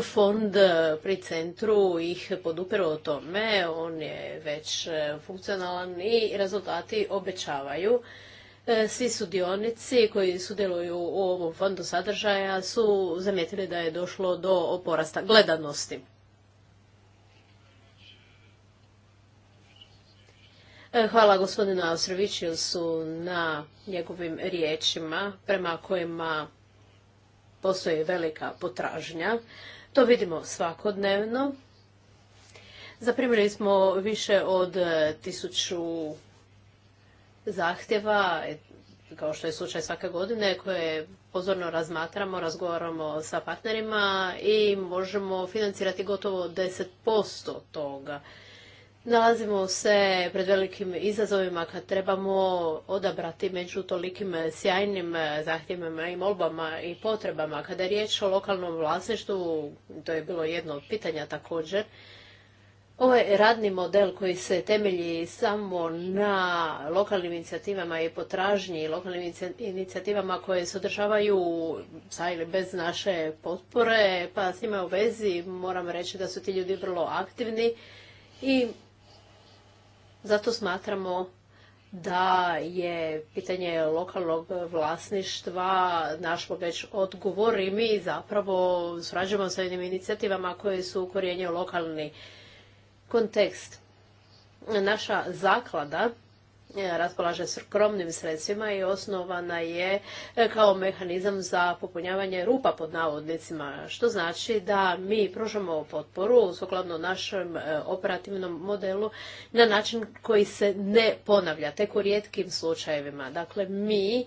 fond pri centru ih podupira o tome, on je već funkcionalan i rezultati obećavaju svi sudionici koji sudjeluju u ovom fondu sadržaja su zamijetili da je došlo do oporasta gledanosti. E, hvala gospodinu su na njegovim riječima prema kojima postoji velika potražnja. To vidimo svakodnevno. Zaprimili smo više od tisuću zahtjeva, e, kao što je slučaj svake godine, koje pozorno razmatramo, razgovaramo sa partnerima i možemo financirati gotovo 10% toga. Nalazimo se pred velikim izazovima kad trebamo odabrati među tolikim sjajnim zahtjevima i molbama i potrebama. Kada je riječ o lokalnom vlasništvu, to je bilo jedno od pitanja također, Ovaj radni model koji se temelji samo na lokalnim inicijativama i potražnji, lokalnim inicijativama koje se održavaju sa ili bez naše potpore, pa s njima u vezi moram reći da su ti ljudi vrlo aktivni i zato smatramo da je pitanje lokalnog vlasništva našlo već odgovor i mi zapravo surađujemo sa jednim inicijativama koje su u lokalni kontekst. Naša zaklada E, raspolaže s kromnim sredstvima i osnovana je e, kao mehanizam za popunjavanje rupa pod navodnicima, što znači da mi pružamo potporu sukladno našem e, operativnom modelu na način koji se ne ponavlja, tek u rijetkim slučajevima. Dakle, mi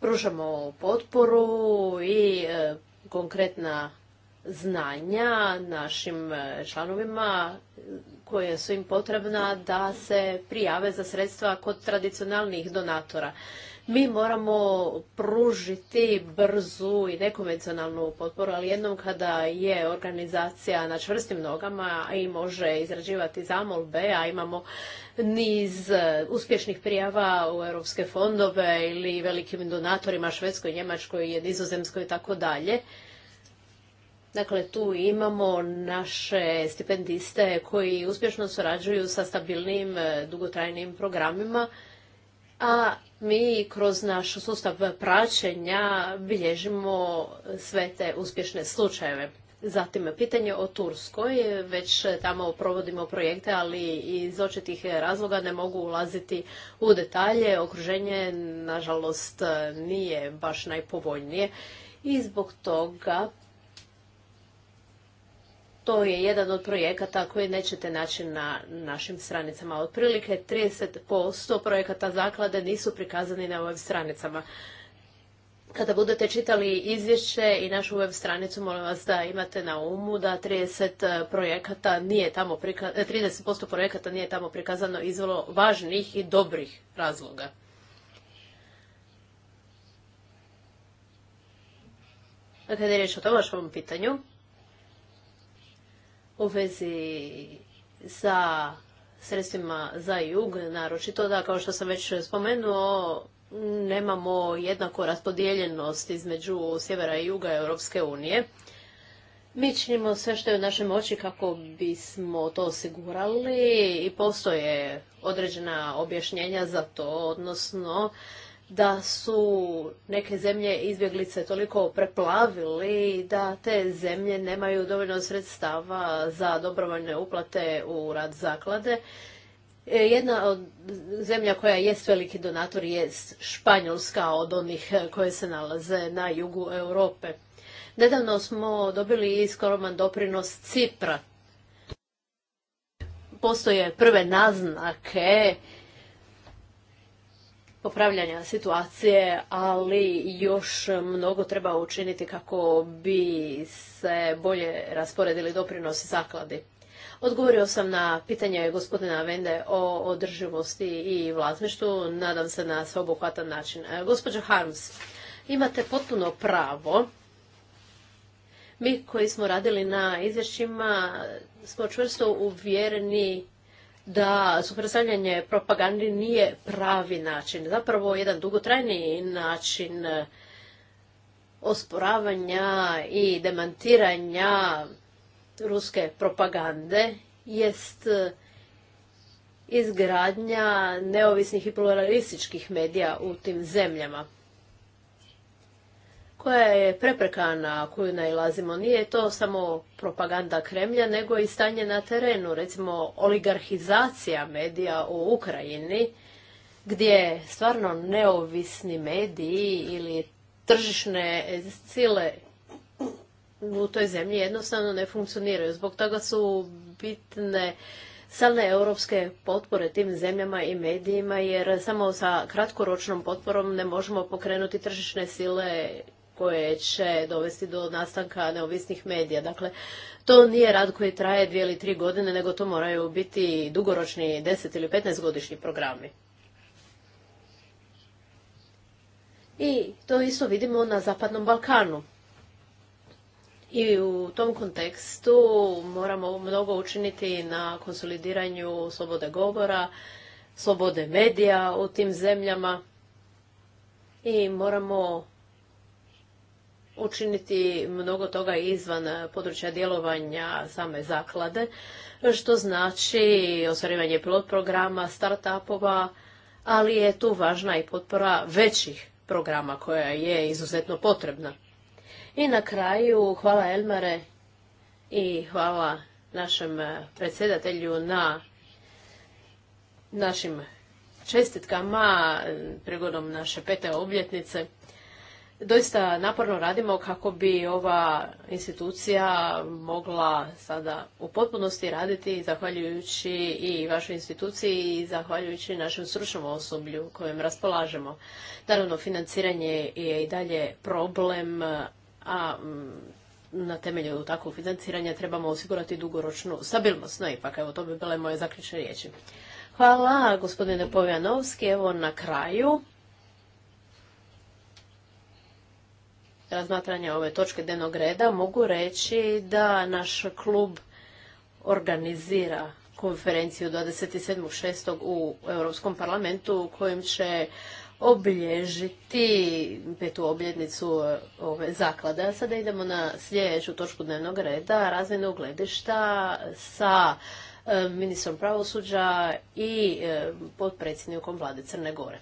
pružamo potporu i konkretna znanja našim članovima koja su im potrebna da se prijave za sredstva kod tradicionalnih donatora. Mi moramo pružiti brzu i nekonvencionalnu potporu, ali jednom kada je organizacija na čvrstim nogama i može izrađivati zamolbe, a imamo niz uspješnih prijava u europske fondove ili velikim donatorima Švedskoj, Njemačkoj, Nizozemskoj i tako dalje, Dakle, tu imamo naše stipendiste koji uspješno surađuju sa stabilnim, e, dugotrajnim programima, a mi kroz naš sustav praćenja bilježimo sve te uspješne slučajeve. Zatim, pitanje o Turskoj. Već tamo provodimo projekte, ali iz očitih razloga ne mogu ulaziti u detalje. Okruženje, nažalost, nije baš najpovoljnije i zbog toga to je jedan od projekata koji nećete naći na našim stranicama. Otprilike 30% projekata zaklade nisu prikazani na ovim stranicama. Kada budete čitali izvješće i našu web stranicu, molim vas da imate na umu da 30 e, projekata nije tamo 30% e, projekata nije tamo prikazano iz vrlo važnih i dobrih razloga. Kada dakle, je riječ o tom vašom pitanju, u vezi sa sredstvima za jug, naročito da, kao što sam već spomenuo, nemamo jednako raspodijeljenost između sjevera i juga Europske unije. Mi činimo sve što je u našoj oči kako bismo to osigurali i postoje određena objašnjenja za to, odnosno da su neke zemlje izbjeglice toliko preplavili da te zemlje nemaju dovoljno sredstava za dobrovoljne uplate u rad zaklade. E, jedna od zemlja koja jest veliki donator je Španjolska od onih koje se nalaze na jugu Europe. Nedavno smo dobili iskoroman doprinos Cipra. Postoje prve naznake popravljanja situacije, ali još mnogo treba učiniti kako bi se bolje rasporedili doprinosi zakladi. Odgovorio sam na pitanje gospodina Vende o održivosti i vlasništvu, nadam se na sveobuhvatan način. E, gospođo Harms, imate potpuno pravo. Mi koji smo radili na izvješćima smo čvrsto uvjereni da suprotstavljanje propagandi nije pravi način. Zapravo jedan dugotrajni način e, osporavanja i demantiranja ruske propagande jest e, izgradnja neovisnih i pluralističkih medija u tim zemljama koja je prepreka na koju najlazimo. Nije to samo propaganda Kremlja, nego i stanje na terenu, recimo oligarhizacija medija u Ukrajini, gdje stvarno neovisni mediji ili tržišne sile u toj zemlji jednostavno ne funkcioniraju. Zbog toga su bitne stalne europske potpore tim zemljama i medijima, jer samo sa kratkoročnom potporom ne možemo pokrenuti tržišne sile koje će dovesti do nastanka neovisnih medija. Dakle, to nije rad koji traje dvije ili tri godine, nego to moraju biti dugoročni deset ili 15 godišnji programi. I to isto vidimo na Zapadnom Balkanu. I u tom kontekstu moramo mnogo učiniti na konsolidiranju slobode govora, slobode medija u tim zemljama i moramo učiniti mnogo toga izvan područja djelovanja same zaklade, što znači ostvarivanje pilot programa, start-upova, ali je tu važna i potpora većih programa koja je izuzetno potrebna. I na kraju hvala Elmare i hvala našem predsjedatelju na našim čestitkama prigodom naše pete obljetnice doista naporno radimo kako bi ova institucija mogla sada u potpunosti raditi zahvaljujući i vašoj instituciji i zahvaljujući našem stručnom osoblju kojem raspolažemo. Naravno, financiranje je i dalje problem, a mm, na temelju takvog financiranja trebamo osigurati dugoročnu stabilnost. No, ipak, evo, to bi bile moje zaključne riječi. Hvala, gospodine Povjanovski. Evo, na kraju razmatranja ove točke dnevnog reda mogu reći da naš klub organizira konferenciju 27.6. u Europskom parlamentu u kojem će obilježiti petu obljednicu e, ove zaklade. A sada idemo na sljedeću točku dnevnog reda, razmjene gledišta sa e, ministrom pravosuđa i e, potpredsjednikom vlade Crne Gore.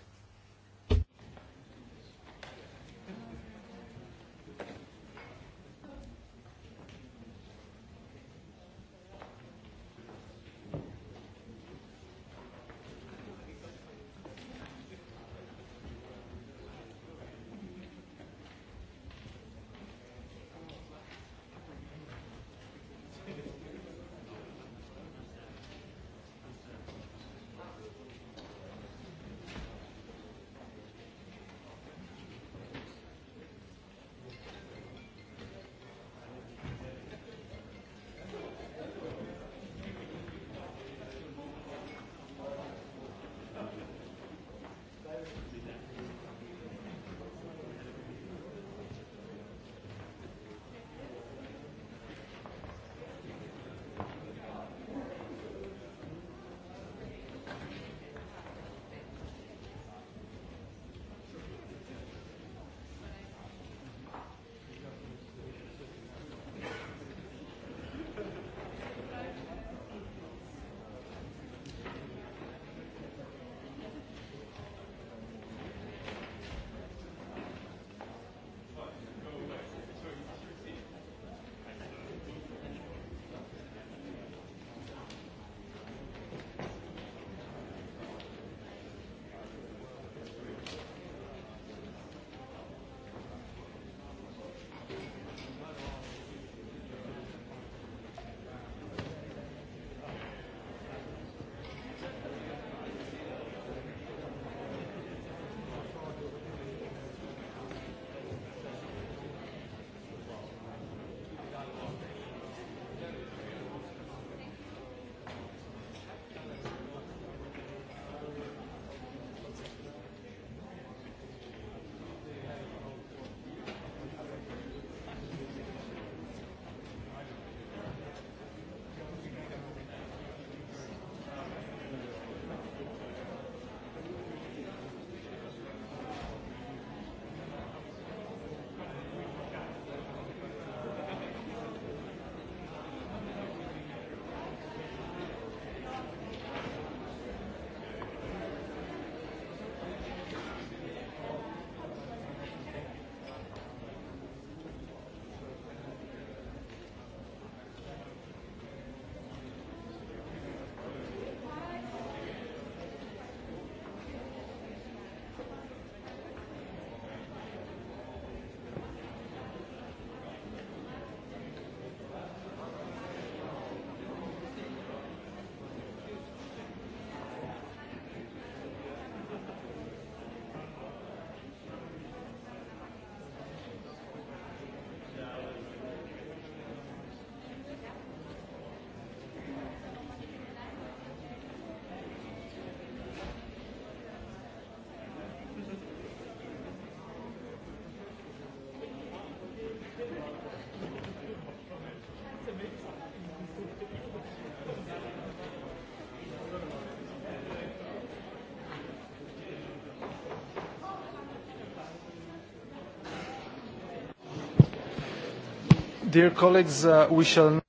Dear uh,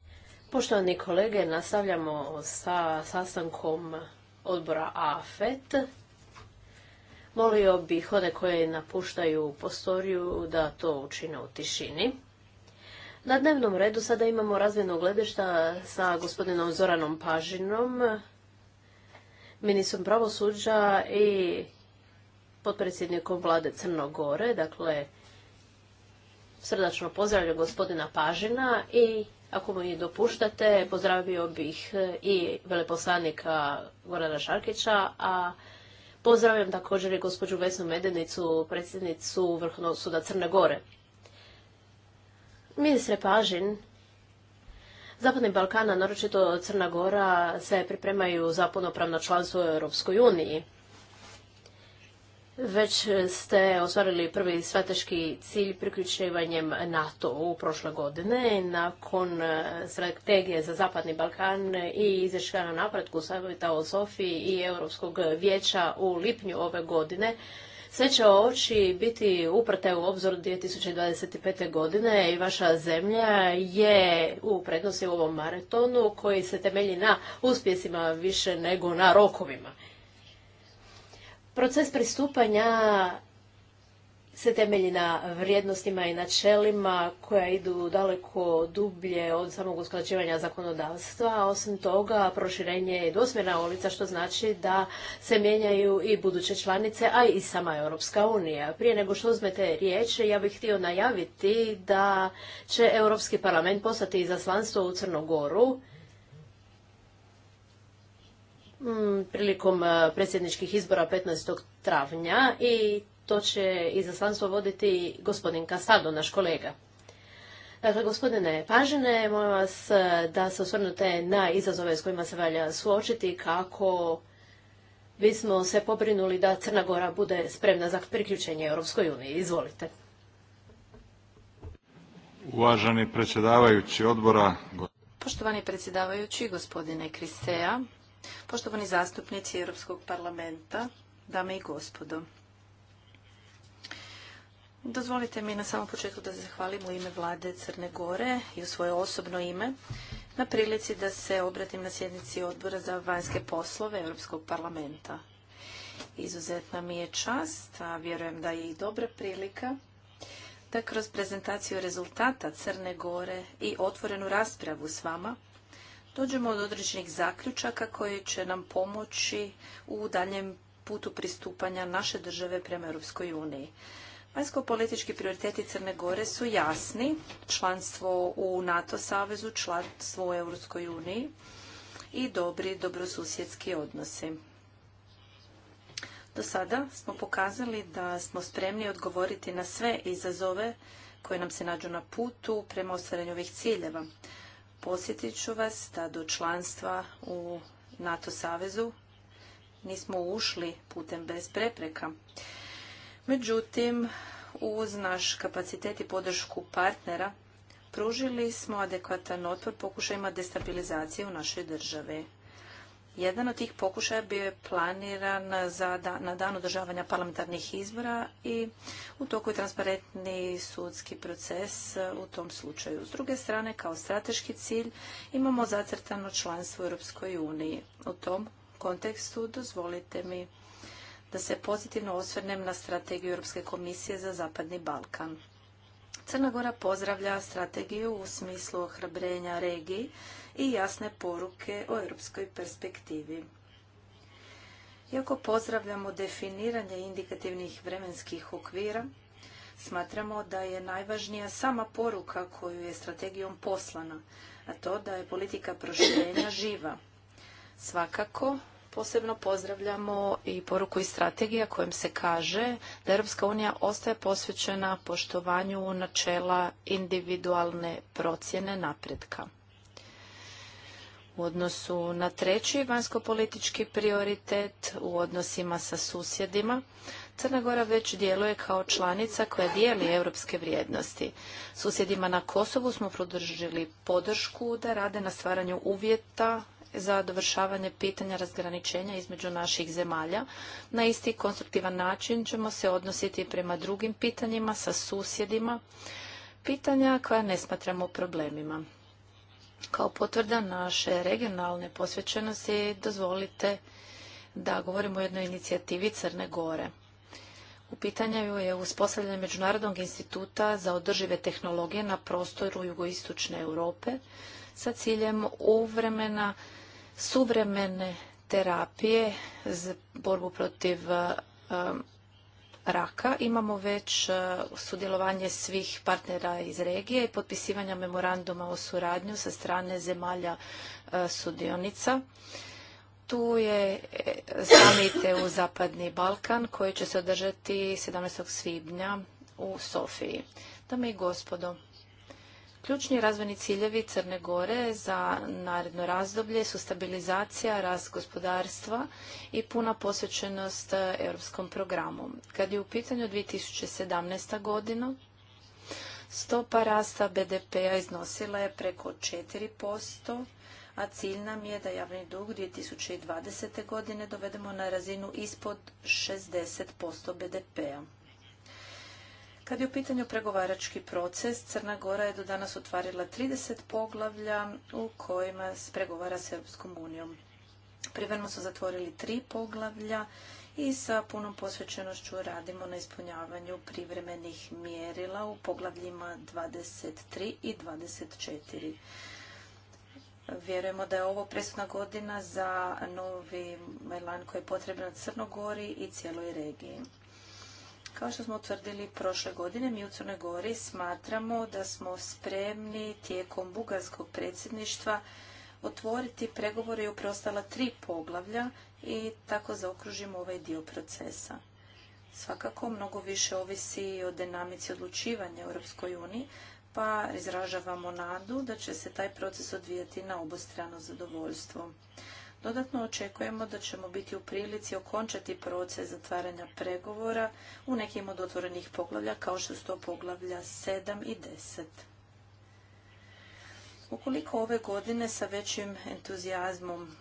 Poštovani kolege, nastavljamo sa sastankom odbora AFET. Molio bih one koje napuštaju postoriju da to učine u tišini. Na dnevnom redu sada imamo razvijenog gledešta sa gospodinom Zoranom Pažinom, ministrom pravosuđa i potpredsjednikom vlade Crnogore, dakle srdačno pozdravljam gospodina Pažina i ako mi dopuštate, pozdravio bih e, i veleposlanika Gorana Šarkića, a pozdravljam također i gospođu Vesnu Medenicu, predsjednicu Vrhovnog suda Crne Gore. Ministre Pažin, Zapadni Balkana, naročito Crna Gora, se pripremaju za punopravno članstvo u Europskoj uniji. Već ste ostvarili prvi strateški cilj priključivanjem NATO u prošle godine. Nakon e, strategije za Zapadni Balkan i izvješća na napretku Savjeta o Sofiji i Europskog vijeća u lipnju ove godine, sve će oči biti uprte u obzor 2025. godine i vaša zemlja je u prednosti u ovom maratonu koji se temelji na uspjesima više nego na rokovima. Proces pristupanja se temelji na vrijednostima i načelima koja idu daleko dublje od samog usklađivanja zakonodavstva. Osim toga, proširenje je dvosmjerna ulica, što znači da se mijenjaju i buduće članice, a i sama Europska unija. Prije nego što uzmete riječ, ja bih htio najaviti da će Europski parlament postati izaslanstvo u Crnogoru Mm, prilikom e, predsjedničkih izbora 15. travnja i to će izaslanstvo voditi gospodin Kasado, naš kolega. Dakle, gospodine Pažine, molim vas e, da se osvrnute na izazove s kojima se valja suočiti kako bismo se pobrinuli da Crna Gora bude spremna za priključenje Europskoj uniji. Izvolite. Uvaženi predsjedavajući odbora... Poštovani predsjedavajući, gospodine Kristeja, Poštovani zastupnici Europskog parlamenta, dame i gospodo. Dozvolite mi na samom početku da zahvalim u ime vlade Crne Gore i u svoje osobno ime na prilici da se obratim na sjednici odbora za vanjske poslove Europskog parlamenta. Izuzetna mi je čast, a vjerujem da je i dobra prilika da kroz prezentaciju rezultata Crne Gore i otvorenu raspravu s vama dođemo od određenih zaključaka koji će nam pomoći u daljem putu pristupanja naše države prema Europskoj uniji. Vanjsko-politički prioriteti Crne Gore su jasni, članstvo u NATO savezu, članstvo u Europskoj uniji i dobri dobrosusjedski odnosi. Do sada smo pokazali da smo spremni odgovoriti na sve izazove koje nam se nađu na putu prema ostvarenju ovih ciljeva. Posjetit ću vas da do članstva u NATO savezu nismo ušli putem bez prepreka. Međutim, uz naš kapacitet i podršku partnera pružili smo adekvatan otpor pokušajima destabilizacije u našoj državi. Jedan od tih pokušaja bio je planiran na dan održavanja parlamentarnih izbora i u toku je transparentni sudski proces uh, u tom slučaju. S druge strane, kao strateški cilj imamo zacrtano članstvo u Europskoj uniji. U tom kontekstu dozvolite mi da se pozitivno osvrnem na strategiju Europske komisije za Zapadni Balkan. Crna Gora pozdravlja strategiju u smislu ohrabrenja regiji i jasne poruke o europskoj perspektivi. Iako pozdravljamo definiranje indikativnih vremenskih okvira, smatramo da je najvažnija sama poruka koju je strategijom poslana, a to da je politika proširenja [coughs] živa. Svakako, posebno pozdravljamo i poruku iz strategija kojom se kaže da Europska unija ostaje posvećena poštovanju načela individualne procjene napretka u odnosu na treći vanjskopolitički prioritet u odnosima sa susjedima. Crna Gora već djeluje kao članica koja dijeli europske vrijednosti. Susjedima na Kosovu smo prodržili podršku da rade na stvaranju uvjeta za dovršavanje pitanja razgraničenja između naših zemalja. Na isti konstruktivan način ćemo se odnositi prema drugim pitanjima sa susjedima, pitanja koja ne smatramo problemima. Kao potvrda naše regionalne posvećenosti dozvolite da govorimo o jednoj inicijativi Crne Gore. U pitanju je uspostavljanje Međunarodnog instituta za održive tehnologije na prostoru jugoistočne Europe sa ciljem uvremena suvremene terapije za borbu protiv eh, raka imamo već e, sudjelovanje svih partnera iz regije i potpisivanja memoranduma o suradnju sa strane zemalja e, sudionica. Tu je e, samite u Zapadni Balkan koji će se održati 17. svibnja u Sofiji. Dame i gospodo, Ključni razvojni ciljevi Crne Gore za naredno razdoblje su stabilizacija, rast gospodarstva i puna posvećenost e, europskom programu. Kad je u pitanju 2017. godina, stopa rasta BDP-a iznosila je preko 4%, a cilj nam je da javni dug 2020. godine dovedemo na razinu ispod 60% BDP-a. Kad je u pitanju pregovarački proces, Crna Gora je do danas otvarila 30 poglavlja u kojima se pregovara s Europskom unijom. Privremeno su zatvorili tri poglavlja i sa punom posvećenošću radimo na ispunjavanju privremenih mjerila u poglavljima 23 i 24. Vjerujemo da je ovo presudna godina za novi melan koji je potreban Crnogori i cijeloj regiji. Kao što smo utvrdili prošle godine, mi u Crnoj Gori smatramo da smo spremni tijekom bugarskog predsjedništva otvoriti pregovore i u preostala tri poglavlja i tako zaokružimo ovaj dio procesa. Svakako, mnogo više ovisi o dinamici odlučivanja u Europskoj uniji, pa izražavamo nadu da će se taj proces odvijati na obostrano zadovoljstvo. Dodatno očekujemo da ćemo biti u prilici okončati proces zatvaranja pregovora u nekim od otvorenih poglavlja kao što su to poglavlja 7 i 10. Ukoliko ove godine sa većim entuzijazmom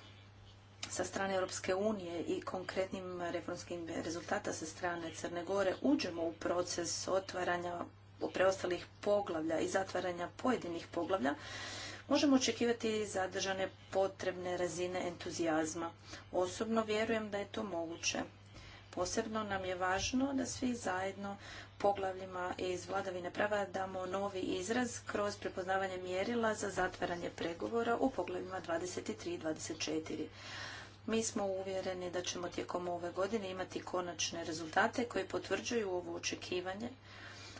sa strane Europske unije i konkretnim reformskim rezultata sa strane Crne Gore uđemo u proces otvaranja preostalih poglavlja i zatvaranja pojedinih poglavlja, možemo očekivati zadržane potrebne razine entuzijazma. Osobno vjerujem da je to moguće. Posebno nam je važno da svi zajedno poglavljima iz vladavine prava damo novi izraz kroz prepoznavanje mjerila za zatvaranje pregovora u poglavljima 23 i 24. Mi smo uvjereni da ćemo tijekom ove godine imati konačne rezultate koji potvrđuju ovo očekivanje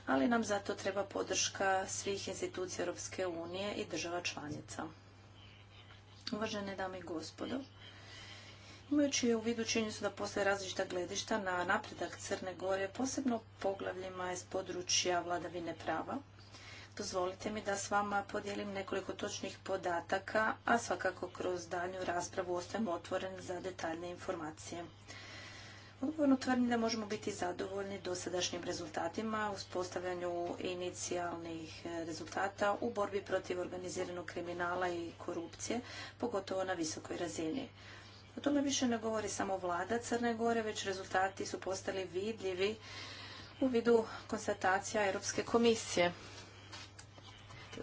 ali nam zato treba podrška svih institucija Europske unije i država članica. Uvažene dame i gospodo, Imajući u vidu činjenicu da postoje različita gledišta na napredak Crne Gore, posebno poglavljima iz područja vladavine prava, dozvolite mi da s vama podijelim nekoliko točnih podataka, a svakako kroz danju raspravu ostajem otvoren za detaljne informacije. Odgovorno tvrdim da možemo biti zadovoljni dosadašnjim rezultatima u spostavljanju inicijalnih e, rezultata u borbi protiv organiziranog kriminala i korupcije, pogotovo na visokoj razini. O tome više ne govori samo vlada Crne Gore, već rezultati su postali vidljivi u vidu konstatacija Europske komisije.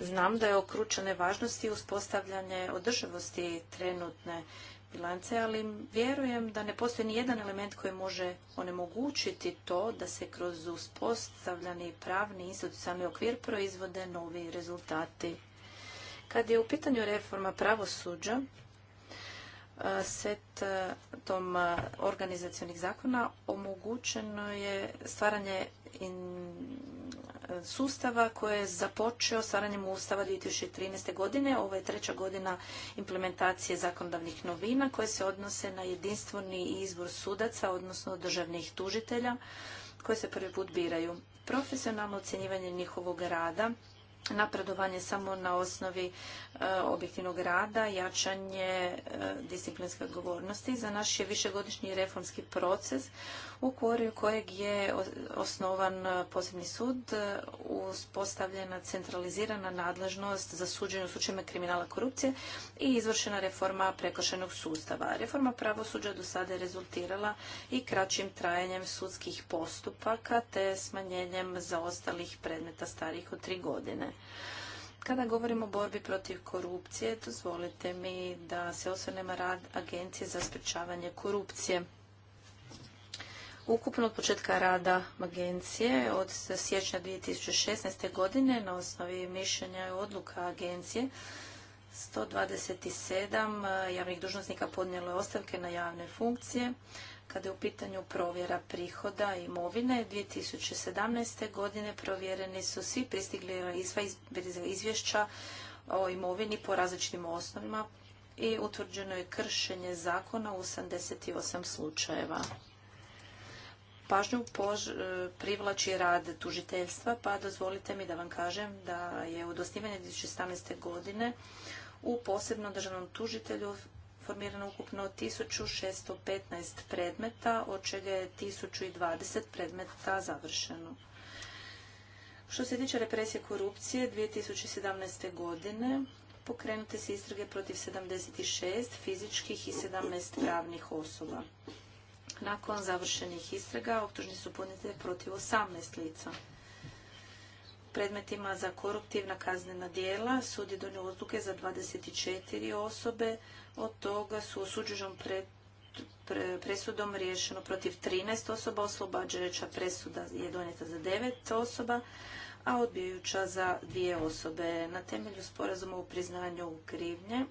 Znam da je okručene važnosti uspostavljanje održivosti trenutne bilance, ali vjerujem da ne postoji ni jedan element koji može onemogućiti to da se kroz uspostavljani pravni institucionalni okvir proizvode novi rezultati. Kad je u pitanju reforma pravosuđa, e, set e, tom e, organizacijonih zakona omogućeno je stvaranje i sustava koje je započeo stvaranjem Ustava 2013. godine. Ovo je treća godina implementacije zakonodavnih novina koje se odnose na jedinstveni izbor sudaca, odnosno državnih tužitelja koji se prvi put biraju. Profesionalno ocjenjivanje njihovog rada napredovanje samo na osnovi e, objektivnog rada, jačanje e, disciplinske odgovornosti. Za naš je višegodišnji reformski proces u koriju kojeg je osnovan e, posebni sud, uspostavljena centralizirana nadležnost za suđenje u slučajima kriminala korupcije i izvršena reforma prekošenog sustava. Reforma pravosuđa do sada je rezultirala i kraćim trajanjem sudskih postupaka te smanjenjem zaostalih predmeta starih od tri godine. Kada govorimo o borbi protiv korupcije, dozvolite mi da se osvrnemo rad Agencije za sprečavanje korupcije. Ukupno od početka rada agencije od siječnja 2016. godine na osnovi mišljenja i odluka agencije 127 javnih dužnosnika podnijelo je ostavke na javne funkcije, kada je u pitanju provjera prihoda i imovine. 2017. godine provjereni su svi pristigli izvješća o imovini po različitim osnovima i utvrđeno je kršenje zakona u 88 slučajeva. Pažnju e, privlači rad tužiteljstva, pa dozvolite mi da vam kažem da je od osnivanja 2017. godine u posebnom državnom tužitelju formirano ukupno 1615 predmeta, od čega je 1020 predmeta završeno. Što se tiče represije korupcije, 2017. godine pokrenute se istrage protiv 76 fizičkih i 17 pravnih osoba. Nakon završenih istraga optužni su punite protiv 18 lica predmetima za koruptivna kaznena dijela sud je donio odluke za 24 osobe, od toga su osuđenom presudom riješeno protiv 13 osoba, oslobađajuća presuda je donijeta za 9 osoba, a odbijajuća za dvije osobe. Na temelju sporazuma o priznanju krivnje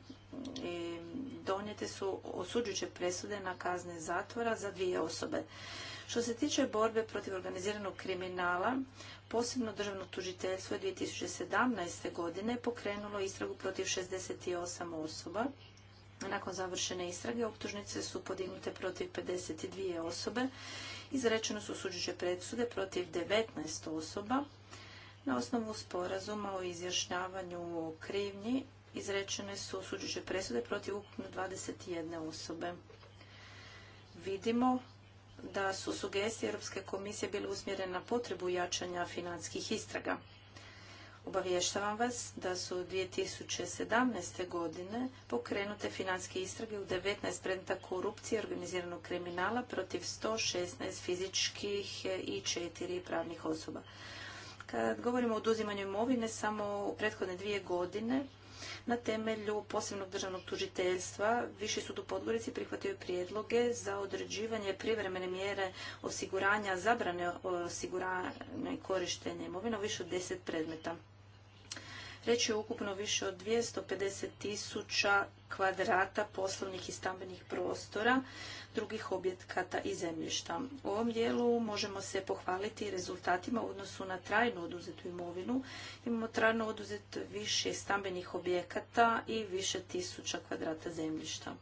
donijete su osuđujuće presude na kazne zatvora za dvije osobe. Što se tiče borbe protiv organiziranog kriminala, posebno državno tužiteljstvo je 2017. godine pokrenulo istragu protiv 68 osoba. Nakon završene istrage optužnice su podignute protiv 52 osobe. Izrečeno su suđuće presude protiv 19 osoba. Na osnovu sporazuma o izjašnjavanju o krivnji izrečene su suđuće presude protiv ukupno 21 osobe. Vidimo da su sugestije Europske komisije bile usmjerene na potrebu jačanja financijskih istraga. Obavještavam vas da su 2017. godine pokrenute financijske istrage u 19 predmeta korupcije i organiziranog kriminala protiv 116 fizičkih i 4 pravnih osoba. Kad govorimo o oduzimanju imovine, samo u prethodne dvije godine na temelju posebnog državnog tužiteljstva Viši sud u Podgorici prihvatio prijedloge za određivanje privremene mjere osiguranja zabrane osiguranja korištenja imovina u više od deset predmeta. Reći je ukupno više od 250 tisuća kvadrata poslovnih i stambenih prostora, drugih objekata i zemljišta. U ovom dijelu možemo se pohvaliti rezultatima u odnosu na trajno oduzetu imovinu. Imamo trajno oduzet više stambenih objekata i više tisuća kvadrata zemljišta.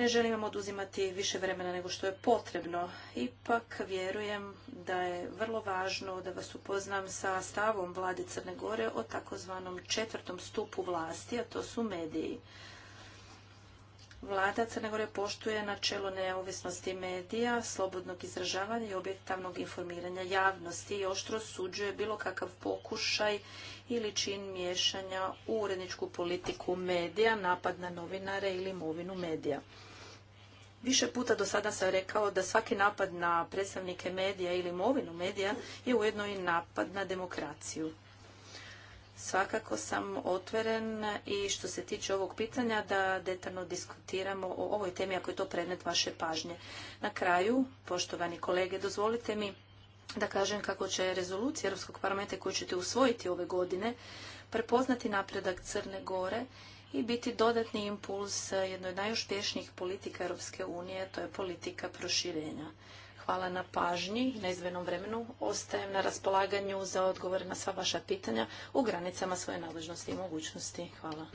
Ne želim vam oduzimati više vremena nego što je potrebno. Ipak vjerujem da je vrlo važno da vas upoznam sa stavom vlade Crne Gore o takozvanom četvrtom stupu vlasti, a to su mediji. Vlada Crne Gore poštuje načelo neovisnosti medija, slobodnog izražavanja i objektavnog informiranja javnosti i oštro suđuje bilo kakav pokušaj ili čin miješanja u uredničku politiku medija, napad na novinare ili imovinu medija. Više puta do sada sam rekao da svaki napad na predstavnike medija ili imovinu medija je ujedno i napad na demokraciju. Svakako sam otvoren i što se tiče ovog pitanja da detaljno diskutiramo o ovoj temi ako je to predmet vaše pažnje. Na kraju, poštovani kolege, dozvolite mi da kažem kako će rezolucija Europskog parlamenta koju ćete usvojiti ove godine prepoznati napredak Crne Gore i biti dodatni impuls jednoj od najuspješnijih politika Europske unije, to je politika proširenja. Hvala na pažnji, na izvenom vremenu. Ostajem na raspolaganju za odgovore na sva vaša pitanja u granicama svoje nadležnosti i mogućnosti. Hvala.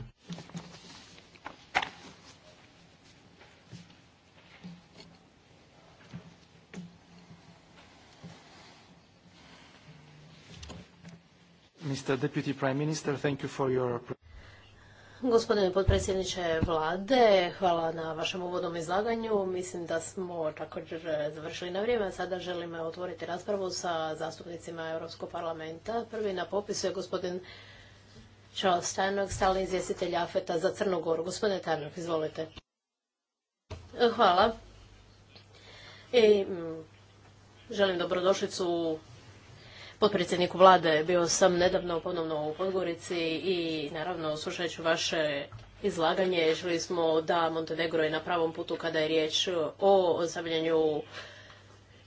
Mr. Deputy Prime Minister, thank you for your... Gospodine potpredsjedniče vlade, hvala na vašem uvodnom izlaganju. Mislim da smo također završili na vrijeme. Sada želim otvoriti raspravu sa zastupnicima Europskog parlamenta. Prvi na popisu je gospodin Charles tannock stalni izvjestitelj AFETA za Crnu Goru. Gospodine tannock izvolite. Hvala. I, mm, želim dobrodošlicu potpredsjedniku vlade. Bio sam nedavno ponovno u Podgorici i naravno slušajući vaše izlaganje želi smo da Montenegro je na pravom putu kada je riječ o stavljanju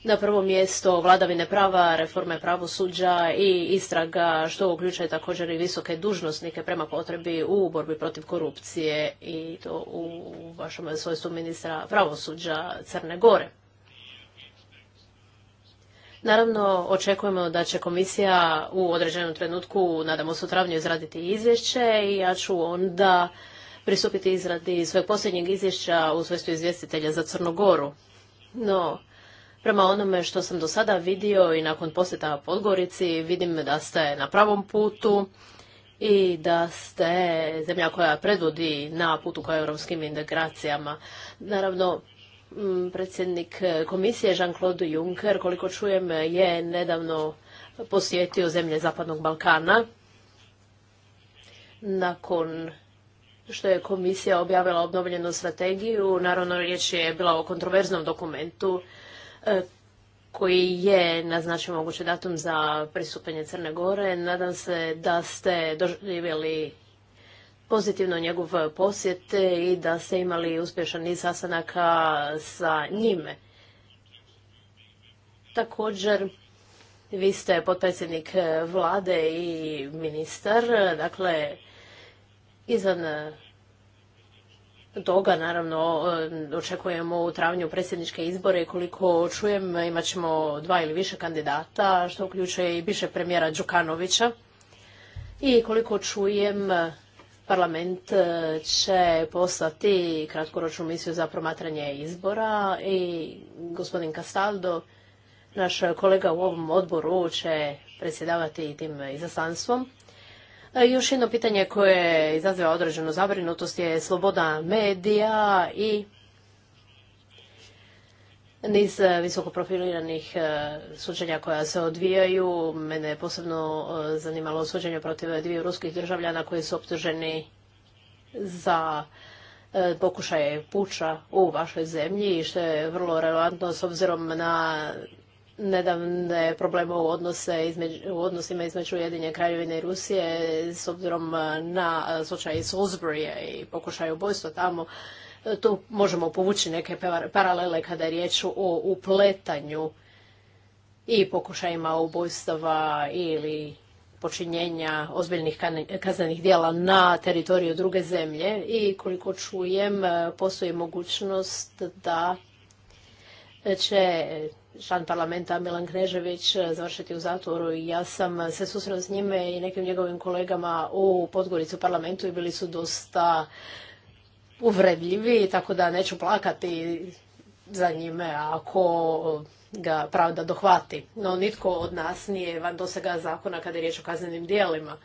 na prvo mjesto vladavine prava, reforme pravosuđa i istraga, što uključuje također i visoke dužnosnike prema potrebi u borbi protiv korupcije i to u vašem svojstvu ministra pravosuđa Crne Gore. Naravno, očekujemo da će komisija u određenom trenutku, nadamo se u travnju, izraditi izvješće i ja ću onda pristupiti izradi svojeg posljednjeg izvješća u svojstvu izvjestitelja za Crnogoru. No, prema onome što sam do sada vidio i nakon posjeta Podgorici, vidim da ste na pravom putu i da ste zemlja koja predvodi na putu ka europskim integracijama. Naravno, Mm, predsjednik e, komisije Jean-Claude Juncker, koliko čujem, e, je nedavno posjetio zemlje Zapadnog Balkana nakon što je komisija objavila obnovljenu strategiju. Naravno, riječ je bila o kontroverznom dokumentu e, koji je naznačio mogući datum za pristupanje Crne Gore. Nadam se da ste doživjeli pozitivno njegov posjet i da ste imali uspješan niz sastanaka sa njime. Također, vi ste potpredsjednik e, vlade i ministar, dakle, izvan toga, naravno, e, očekujemo u travnju predsjedničke izbore i koliko čujem imat ćemo dva ili više kandidata, što uključuje i više premijera Đukanovića. I koliko čujem, Parlament e, će poslati kratkoročnu misiju za promatranje izbora i gospodin Castaldo, naš kolega u ovom odboru, će predsjedavati tim izaslanstvom. E, još jedno pitanje koje izaziva određenu zabrinutost je sloboda medija i niz e, visoko profiliranih e, suđenja koja se odvijaju. Mene je posebno e, zanimalo suđenje protiv dviju ruskih državljana koji su optuženi za pokušaje puča u vašoj zemlji i što je vrlo relevantno s obzirom na nedavne probleme u, odnose između, u odnosima između Ujedinje kraljevine i Rusije s obzirom na slučaj Salisbury i pokušaj ubojstva tamo E, tu možemo povući neke paralele kada je riječ o upletanju i pokušajima ubojstava ili počinjenja ozbiljnih kaznenih djela na teritoriju druge zemlje i koliko čujem e, postoji mogućnost da će član parlamenta Milan Knežević e, završiti u zatvoru i ja sam se susrela s njime i nekim njegovim kolegama u Podgoricu parlamentu i bili su dosta uvredljivi, tako da neću plakati za njime ako ga pravda dohvati. No nitko od nas nije van dosega zakona kada je riječ o kaznenim dijelima.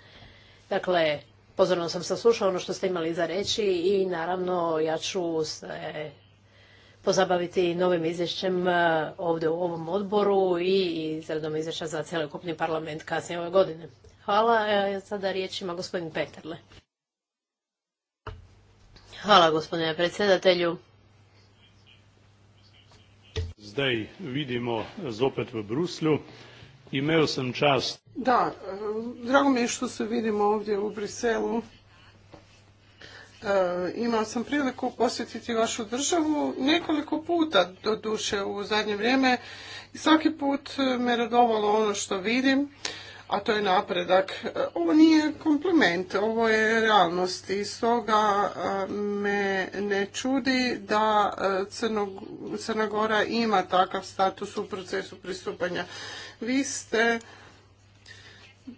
Dakle, pozorno sam saslušao ono što ste imali za reći i naravno ja ću se pozabaviti novim izvješćem eh, ovdje u ovom odboru i izradom izvješća za cjelokupni parlament kasnije ove godine. Hvala. Eh, sada riječ ima gospodin Peterle. Hvala gospodine predsjedatelju. Zdaj vidimo zopet v Bruslju. Imao sam čast. Da, e, drago mi je što se vidimo ovdje u Briselu. E, imao sam priliku posjetiti vašu državu nekoliko puta, do duše u zadnje vrijeme. I svaki put me radovalo ono što vidim a to je napredak. E, ovo nije kompliment, ovo je realnost i stoga e, me ne čudi da e, Crna Gora ima takav status u procesu pristupanja. Vi ste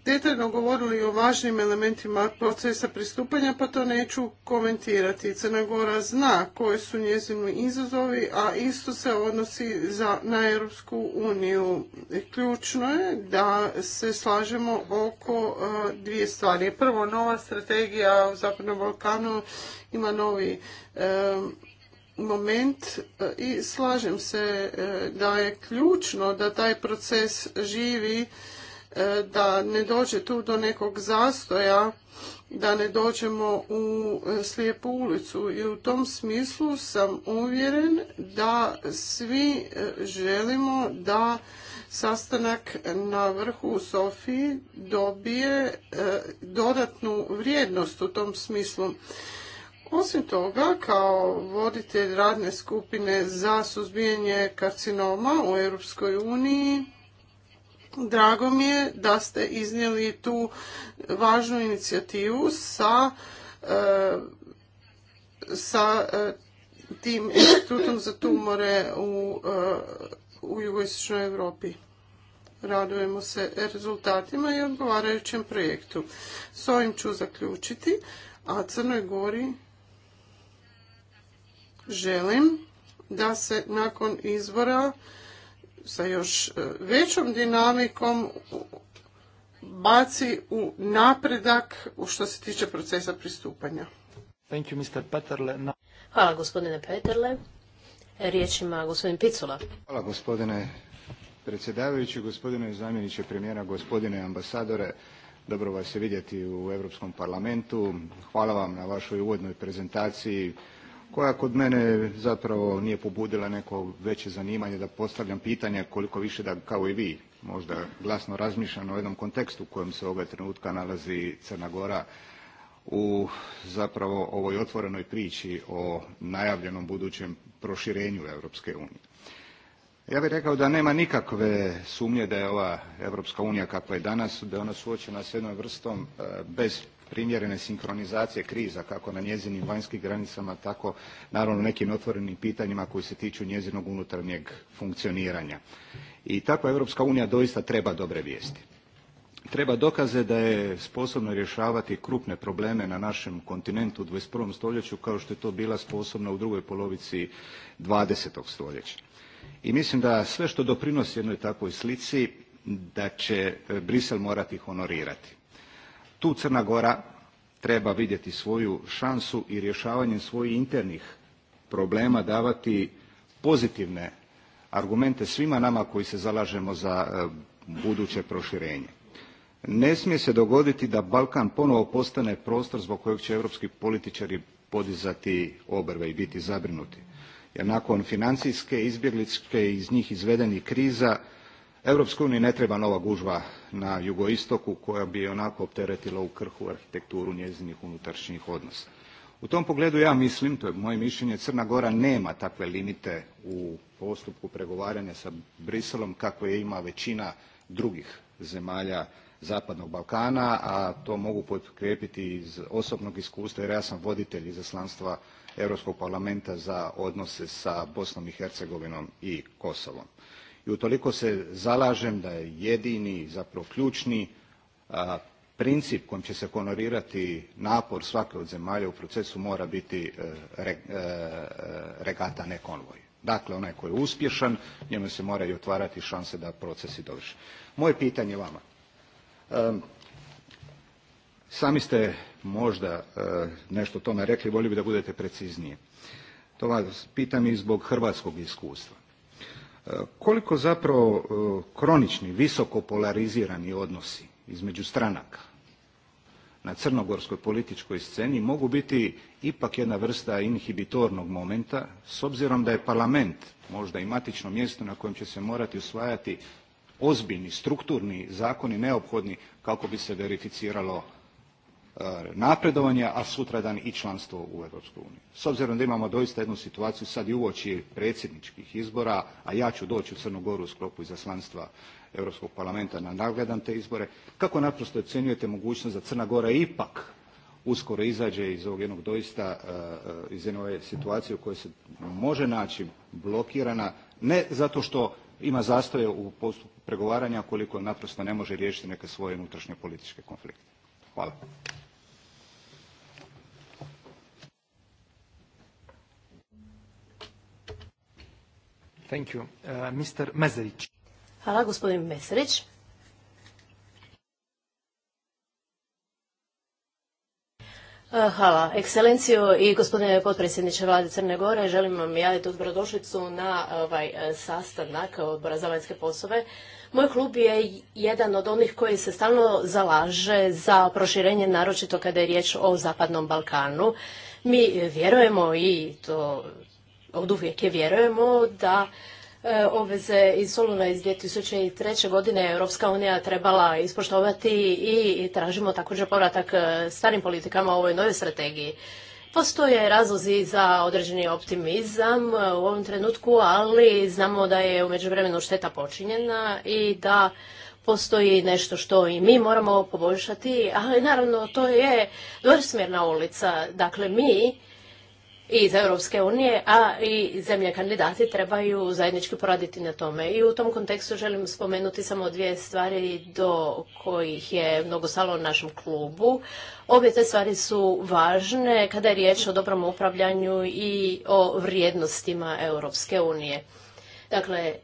detaljno govorili o važnim elementima procesa pristupanja, pa to neću komentirati. Crna Gora zna koji su njezini izazovi, a isto se odnosi za, na Europsku uniju. Ključno je da se slažemo oko e, dvije stvari. Prvo, nova strategija u Zapadnom Balkanu ima novi e, moment e, i slažem se da je ključno da taj proces živi E, da ne dođe tu do nekog zastoja, da ne dođemo u e, slijepu ulicu. I u tom smislu sam uvjeren da svi e, želimo da sastanak na vrhu u Sofiji dobije dodatnu vrijednost u tom smislu. Osim toga, kao voditelj radne skupine za suzbijanje karcinoma u Europskoj uniji, Drago mi je da ste iznijeli tu važnu inicijativu sa, e, sa e, tim institutom za tumore u, e, u jugoistočnoj Europi. Radujemo se rezultatima i odgovarajućem projektu. S ovim ću zaključiti, a Crnoj Gori želim da se nakon izbora sa još e, većom dinamikom baci u napredak u što se tiče procesa pristupanja. Thank you, Mr. Peterle. Hvala gospodine Peterle. Riječ ima gospodin Picula. Hvala gospodine predsjedavajući, gospodine zamjeniče premijera, gospodine ambasadore. Dobro vas je vidjeti u Europskom parlamentu. Hvala vam na vašoj uvodnoj prezentaciji koja kod mene zapravo nije pobudila neko veće zanimanje da postavljam pitanja koliko više da kao i vi možda glasno razmišljam o jednom kontekstu u kojem se ovoga trenutka nalazi Crna Gora u zapravo ovoj otvorenoj priči o najavljenom budućem proširenju Europske unije. Ja bih rekao da nema nikakve sumnje da je ova Europska unija kakva je danas, da je ona suočena s jednom vrstom e, bez primjerene sinkronizacije kriza kako na njezinim vanjskim granicama tako naravno nekim otvorenim pitanjima koji se tiču njezinog unutarnjeg funkcioniranja. I takva Europska unija doista treba dobre vijesti. Treba dokaze da je sposobno rješavati krupne probleme na našem kontinentu u 21. stoljeću kao što je to bila sposobna u drugoj polovici 20. stoljeća. I mislim da sve što doprinosi jednoj takvoj slici da će e, Brisel morati honorirati. Tu Crna Gora treba vidjeti svoju šansu i rješavanjem svojih internih problema davati pozitivne argumente svima nama koji se zalažemo za e, buduće proširenje. Ne smije se dogoditi da Balkan ponovo postane prostor zbog kojeg će europski političari podizati obrve i biti zabrinuti. Jer nakon financijske, izbjegličke iz njih izvedenih kriza Europskoj uniji ne treba nova gužva na jugoistoku koja bi onako opteretila u krhu arhitekturu njezinih unutrašnjih odnosa. U tom pogledu ja mislim, to je moje mišljenje, Crna Gora nema takve limite u postupku pregovaranja sa Briselom kakve je ima većina drugih zemalja Zapadnog Balkana, a to mogu potkrijepiti iz osobnog iskustva jer ja sam voditelj izaslanstva Europskog parlamenta za odnose sa Bosnom i Hercegovinom i Kosovom i utoliko se zalažem da je jedini zapravo ključni princip kojim će se honorirati napor svake od zemalja u procesu mora biti e, e, regata ne konvoj. Dakle, onaj koji je uspješan, njemu se moraju otvarati šanse da procesi dovrše. Moje pitanje vama. E, sami ste možda nešto o tome rekli, volio bi da budete preciznije. To vas pitam i zbog hrvatskog iskustva koliko zapravo e, kronični, visoko polarizirani odnosi između stranaka na crnogorskoj političkoj sceni mogu biti ipak jedna vrsta inhibitornog momenta s obzirom da je parlament možda i matično mjesto na kojem će se morati usvajati ozbiljni strukturni zakoni neophodni kako bi se verificiralo E, napredovanje, a sutradan i članstvo u Europskoj uniji. S obzirom da imamo doista jednu situaciju sad i uoči predsjedničkih izbora, a ja ću doći u Crnu Goru u sklopu izaslanstva Europskog parlamenta na nagledan te izbore, kako naprosto ocjenjujete mogućnost da Crna Gora ipak uskoro izađe iz ovog jednog doista, e, e, iz jedne ove situacije u kojoj se može naći blokirana, ne zato što ima zastoje u postupku pregovaranja koliko naprosto ne može riješiti neke svoje unutrašnje političke konflikte. Hvala. Thank you. Uh, Mr. Hvala, gospodin Meserić. Uh, hvala, ekscelencijo i gospodine potpredsjedniče vlade Crne Gore. Želim vam javiti dobrodošlicu na uh, ovaj sastanak odbora za vanjske poslove. Moj klub je jedan od onih koji se stalno zalaže za proširenje, naročito kada je riječ o Zapadnom Balkanu. Mi vjerujemo i to oduvijek je vjerujemo da e, obveze iz Soluna iz 2003. godine Europska unija trebala ispoštovati i tražimo također povratak e, starim politikama u ovoj novoj strategiji. Postoje razlozi za određeni optimizam e, u ovom trenutku, ali znamo da je u međuvremenu šteta počinjena i da postoji nešto što i mi moramo poboljšati, ali naravno to je dvorsmjerna ulica. Dakle, mi iz Europske unije, a i zemlje kandidati trebaju zajednički poraditi na tome. I u tom kontekstu želim spomenuti samo dvije stvari do kojih je mnogo stalo u našem klubu. Obje te stvari su važne kada je riječ o dobrom upravljanju i o vrijednostima Europske unije. Dakle,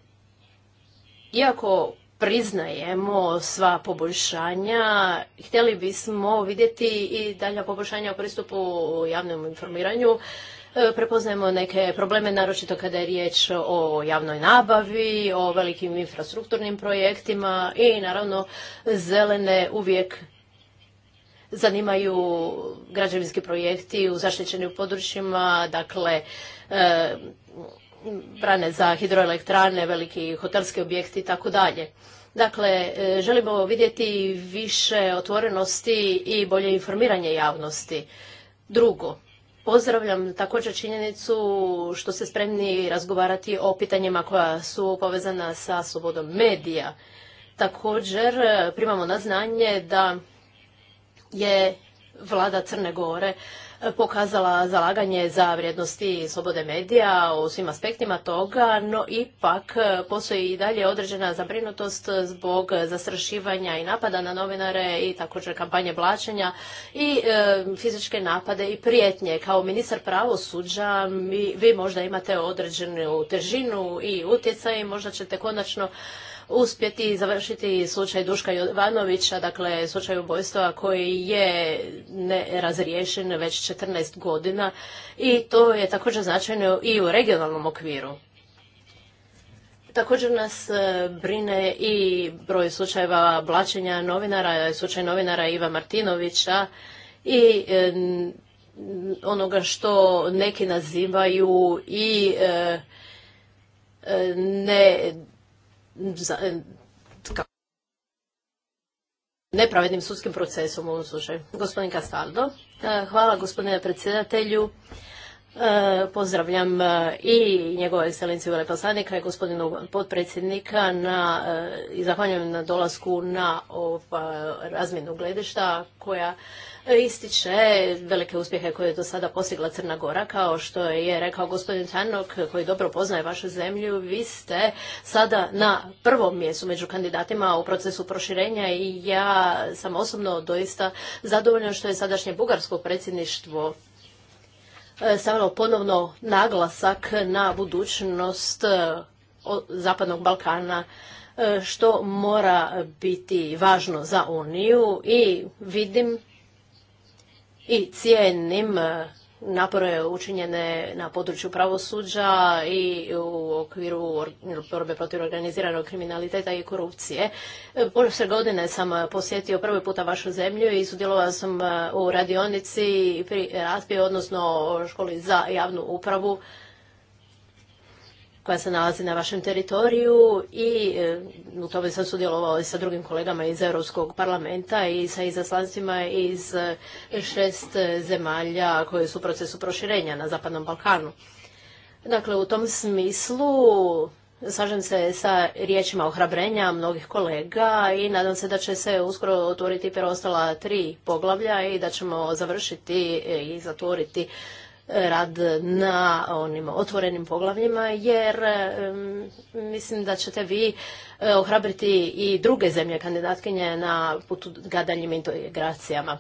iako priznajemo sva poboljšanja, htjeli bismo vidjeti i dalja poboljšanja u pristupu javnom informiranju, E, prepoznajemo neke probleme, naročito kada je riječ o javnoj nabavi, o velikim infrastrukturnim projektima i naravno zelene uvijek zanimaju građevinski projekti u zaštićenim područjima, dakle e, brane za hidroelektrane, veliki hotelski objekti i tako dalje. Dakle, e, želimo vidjeti više otvorenosti i bolje informiranje javnosti. Drugo, Pozdravljam također činjenicu što se spremni razgovarati o pitanjima koja su povezana sa slobodom medija. Također eh, primamo na znanje da je vlada Crne Gore pokazala zalaganje za vrijednosti slobode medija u svim aspektima toga, no ipak postoji i dalje određena zabrinutost zbog zastrašivanja i napada na novinare i također kampanje blačenja i e, fizičke napade i prijetnje. Kao ministar pravosuđa vi možda imate određenu težinu i utjecaj i možda ćete konačno uspjeti završiti slučaj Duška Jovanovića, dakle slučaj ubojstva koji je nerazriješen već 14 godina i to je također značajno i u regionalnom okviru. Također nas e, brine i broj slučajeva blačenja novinara, slučaj novinara Iva Martinovića i e, onoga što neki nazivaju i e, ne nepravednim sudskim procesom u ovom slučaju. Gospodin Castaldo. E, hvala gospodine predsjedatelju. E, pozdravljam e, i njegove ekscelenciju veleposlanika i gospodinu potpredsjednika na, e, i zahvaljujem na dolasku na razmjenu gledišta koja ističe velike uspjehe koje je do sada postigla Crna Gora. Kao što je rekao gospodin Tanok koji dobro poznaje vašu zemlju, vi ste sada na prvom mjestu među kandidatima u procesu proširenja i ja sam osobno doista zadovoljna što je sadašnje bugarsko predsjedništvo E, stavilo ponovno naglasak na budućnost e, Zapadnog Balkana e, što mora biti važno za Uniju i vidim i cijenim napore učinjene na području pravosuđa i u okviru borbe protiv organiziranog kriminaliteta i korupcije. E, prošle godine sam posjetio prvi puta vašu zemlju i sudjelovao sam e, u radionici pri raspije, odnosno školi za javnu upravu koja se nalazi na vašem teritoriju i e, u tome sam sudjelovao i sa drugim kolegama iz Europskog parlamenta i sa izaslanstvima iz e, šest e, zemalja koje su u procesu proširenja na Zapadnom Balkanu. Dakle, u tom smislu slažem se sa riječima ohrabrenja mnogih kolega i nadam se da će se uskoro otvoriti preostala tri poglavlja i da ćemo završiti i zatvoriti rad na onim otvorenim poglavljima jer mislim da ćete vi E, ohrabriti i druge zemlje kandidatkinje na putu gadanjim daljim integracijama.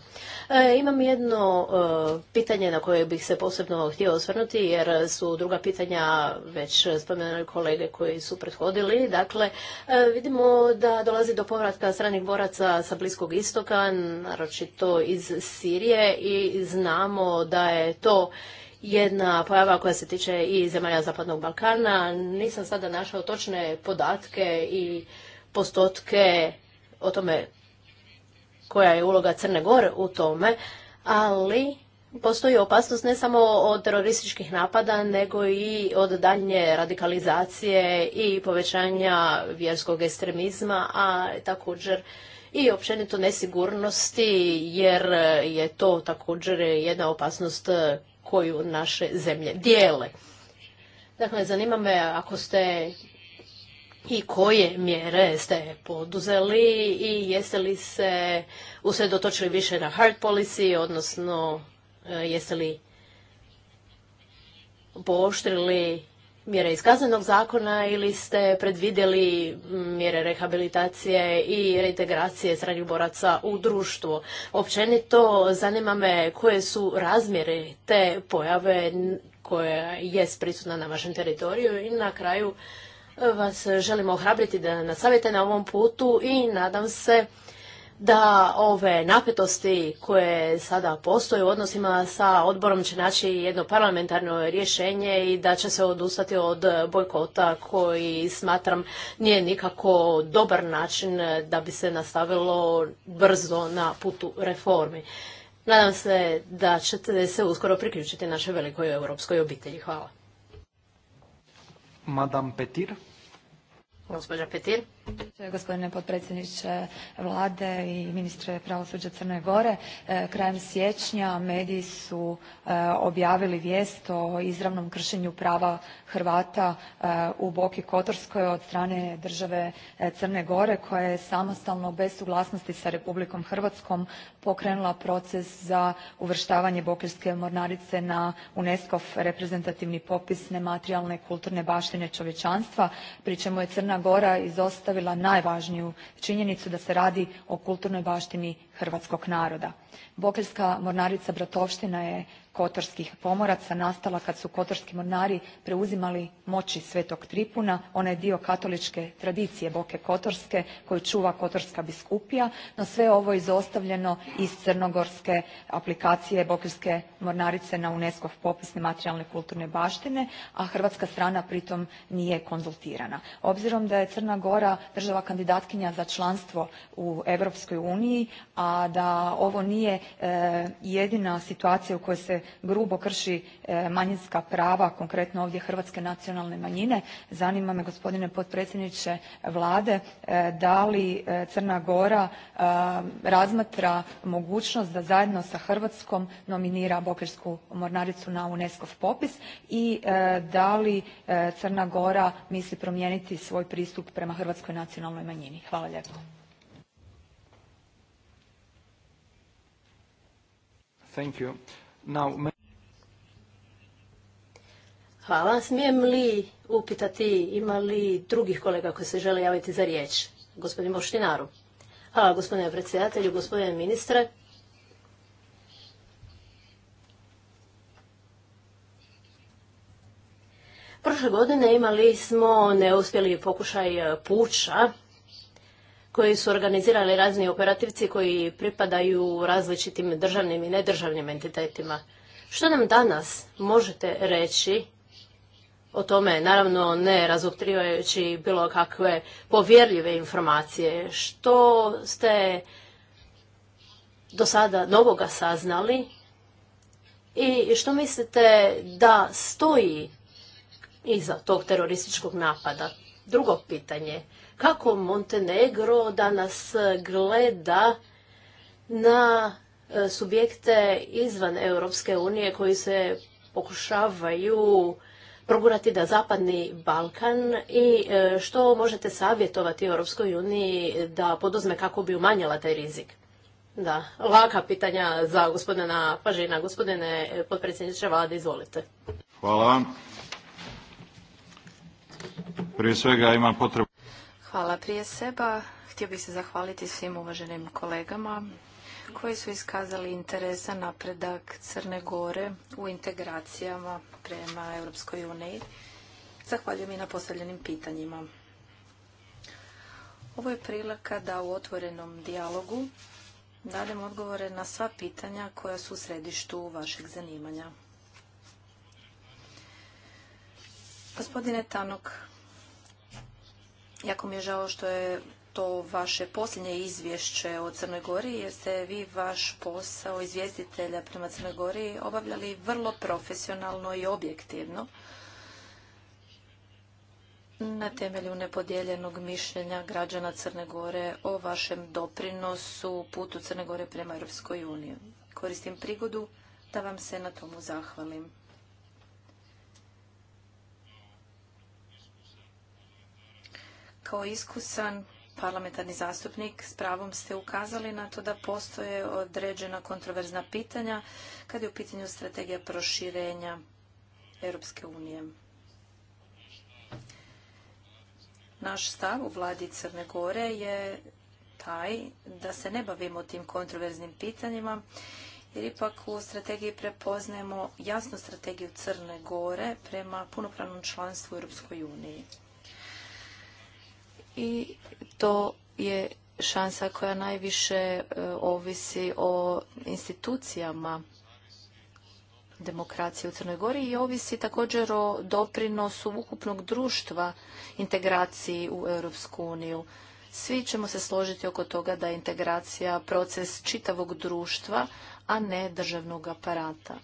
E, imam jedno e, pitanje na koje bih se posebno htio osvrnuti jer su druga pitanja već spomenuli kolege koji su prethodili. Dakle, vidimo da dolazi do povratka stranih boraca sa Bliskog istoka, naročito iz Sirije i znamo da je to jedna pojava koja se tiče i zemalja Zapadnog Balkana. Nisam sada našao točne podatke i postotke o tome koja je uloga Crne Gore u tome, ali postoji opasnost ne samo od terorističkih napada, nego i od daljnje radikalizacije i povećanja vjerskog ekstremizma, a također i općenito nesigurnosti, jer je to također jedna opasnost koju naše zemlje dijele. Dakle, zanima me ako ste i koje mjere ste poduzeli i jeste li se usredotočili više na hard policy, odnosno e, jeste li pooštrili mjere iz kaznenog zakona ili ste predvidjeli mjere rehabilitacije i reintegracije stranih boraca u društvo? Općenito zanima me koje su razmjere te pojave koja je prisutna na vašem teritoriju i na kraju e, vas želimo ohrabriti da nas savjete na ovom putu i nadam se da ove napetosti koje sada postoje u odnosima sa odborom će naći jedno parlamentarno rješenje i da će se odustati od bojkota koji smatram nije nikako dobar način da bi se nastavilo brzo na putu reformi. Nadam se da ćete se uskoro priključiti našoj velikoj europskoj obitelji. Hvala. Madame Petir. Gospođa Petir. Gospodine potpredsjedniče vlade i ministre pravosuđa Crne Gore, e, krajem siječnja mediji su e, objavili vijest o izravnom kršenju prava Hrvata e, u Boki Kotorskoj od strane države Crne Gore koja je samostalno bez suglasnosti sa Republikom Hrvatskom pokrenula proces za uvrštavanje Bokeljske mornarice na unesco reprezentativni popis nematerijalne kulturne baštine čovječanstva pri čemu je Crna crna gora izostavila najvažniju činjenicu da se radi o kulturnoj baštini hrvatskog naroda. Bokeljska mornarica bratovština je kotorskih pomoraca nastala kad su kotorski mornari preuzimali moći Svetog Tripuna, ona je dio katoličke tradicije Boke Kotorske koju čuva kotorska biskupija, no sve ovo je izostavljeno iz crnogorske aplikacije Bokeljske mornarice na unesco popis nematerijalne kulturne baštine, a hrvatska strana pritom nije konzultirana. Obzirom da je Crna Gora država kandidatkinja za članstvo u Europskoj uniji, a da ovo nije e, jedina situacija u kojoj se grubo krši e, manjinska prava, konkretno ovdje hrvatske nacionalne manjine. Zanima me gospodine potpredsjedniče Vlade e, da li Crna Gora razmatra mogućnost da zajedno sa Hrvatskom nominira bokeljsku mornaricu na unesco ov popis i da li Crna Gora misli promijeniti svoj pristup prema hrvatskoj nacionalnoj manjini? Hvala lijepo. Thank you. Hvala. Smijem li upitati ima li drugih kolega koji se žele javiti za riječ? Gospodin Moštinaru. Hvala gospodine predsjedatelju, gospodine ministre. Prošle godine imali smo neuspjeli pokušaj puča koji su organizirali razni operativci koji pripadaju različitim državnim i nedržavnim entitetima. Što nam danas možete reći o tome, naravno ne razotkrivajući bilo kakve povjerljive informacije, što ste do sada novoga saznali i što mislite da stoji iza tog terorističkog napada? Drugo pitanje, kako Montenegro danas gleda na e, subjekte izvan Europske unije koji se pokušavaju progurati da Zapadni Balkan i e, što možete savjetovati Europskoj uniji da poduzme kako bi umanjila taj rizik? Da, laka pitanja za gospodina Pažina. Gospodine e, potpredsjedniče vlade, izvolite. Hvala vam. Prije svega imam potrebu Hvala prije seba. Htio bih se zahvaliti svim uvaženim kolegama koji su iskazali interes za napredak Crne Gore u integracijama prema Europskoj uniji. Zahvaljujem i na postavljenim pitanjima. Ovo je prilika da u otvorenom dijalogu dadem odgovore na sva pitanja koja su u središtu vašeg zanimanja. Gospodine Tanok, Jako mi je žao što je to vaše posljednje izvješće o Crnoj Gori, jer ste vi vaš posao izvjestitelja prema Crnoj Gori obavljali vrlo profesionalno i objektivno na temelju nepodijeljenog mišljenja građana Crne Gore o vašem doprinosu putu Crne Gore prema Europskoj uniji. Koristim prigodu da vam se na tomu zahvalim. Kao iskusan parlamentarni zastupnik s pravom ste ukazali na to da postoje određena kontroverzna pitanja kad je u pitanju strategija proširenja Europske unije. Naš stav u vladi Crne Gore je taj da se ne bavimo tim kontroverznim pitanjima jer ipak u strategiji prepoznajemo jasnu strategiju Crne Gore prema punopravnom članstvu u Europskoj uniji i to je šansa koja najviše e, ovisi o institucijama demokracije u Crnoj Gori i ovisi također o doprinosu ukupnog društva integraciji u Europsku uniju. Svi ćemo se složiti oko toga da je integracija proces čitavog društva, a ne državnog aparata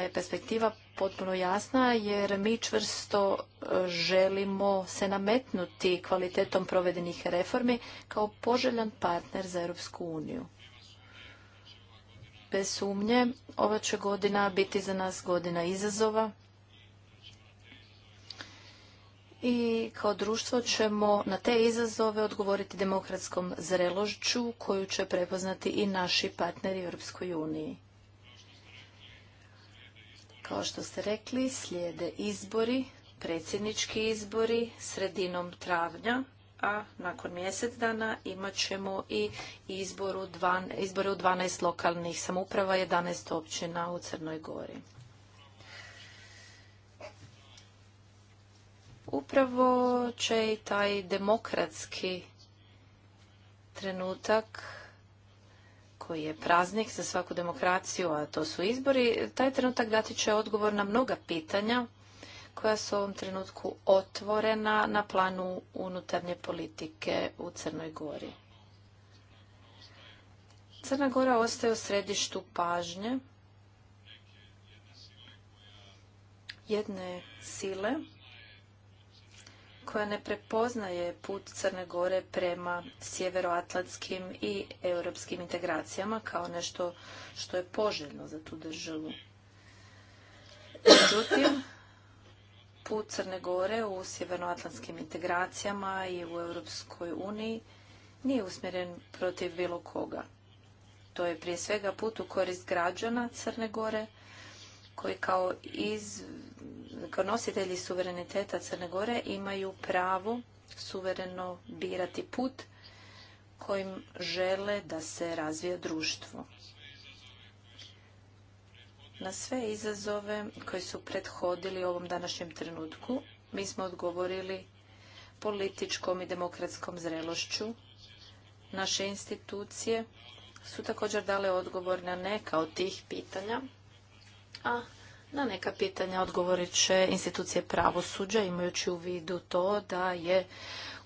je perspektiva potpuno jasna jer mi čvrsto e, želimo se nametnuti kvalitetom provedenih reformi kao poželjan partner za Europsku uniju. Bez sumnje, ova će godina biti za nas godina izazova i kao društvo ćemo na te izazove odgovoriti demokratskom zrelošću koju će prepoznati i naši partneri u Europskoj uniji. Kao što ste rekli, slijede izbori, predsjednički izbori sredinom travnja, a nakon mjesec dana imat ćemo i izbor u 12, izbore u 12 lokalnih samuprava, 11 općina u Crnoj Gori. Upravo će i taj demokratski trenutak koji je praznik za svaku demokraciju, a to su izbori, taj trenutak dati će odgovor na mnoga pitanja koja su u ovom trenutku otvorena na planu unutarnje politike u Crnoj Gori. Crna Gora ostaje u središtu pažnje jedne sile koja ne prepoznaje put Crne Gore prema sjeveroatlantskim i europskim integracijama kao nešto što je poželjno za tu državu. Međutim, put Crne Gore u sjevernoatlantskim integracijama i u Europskoj uniji nije usmjeren protiv bilo koga. To je prije svega put u korist građana Crne Gore koji kao iz nositelji suvereniteta Crne Gore imaju pravo suvereno birati put kojim žele da se razvija društvo. Na sve izazove koji su prethodili ovom današnjem trenutku, mi smo odgovorili političkom i demokratskom zrelošću. Naše institucije su također dale odgovor na neka od tih pitanja, a na neka pitanja odgovorit će institucije pravosuđa imajući u vidu to da je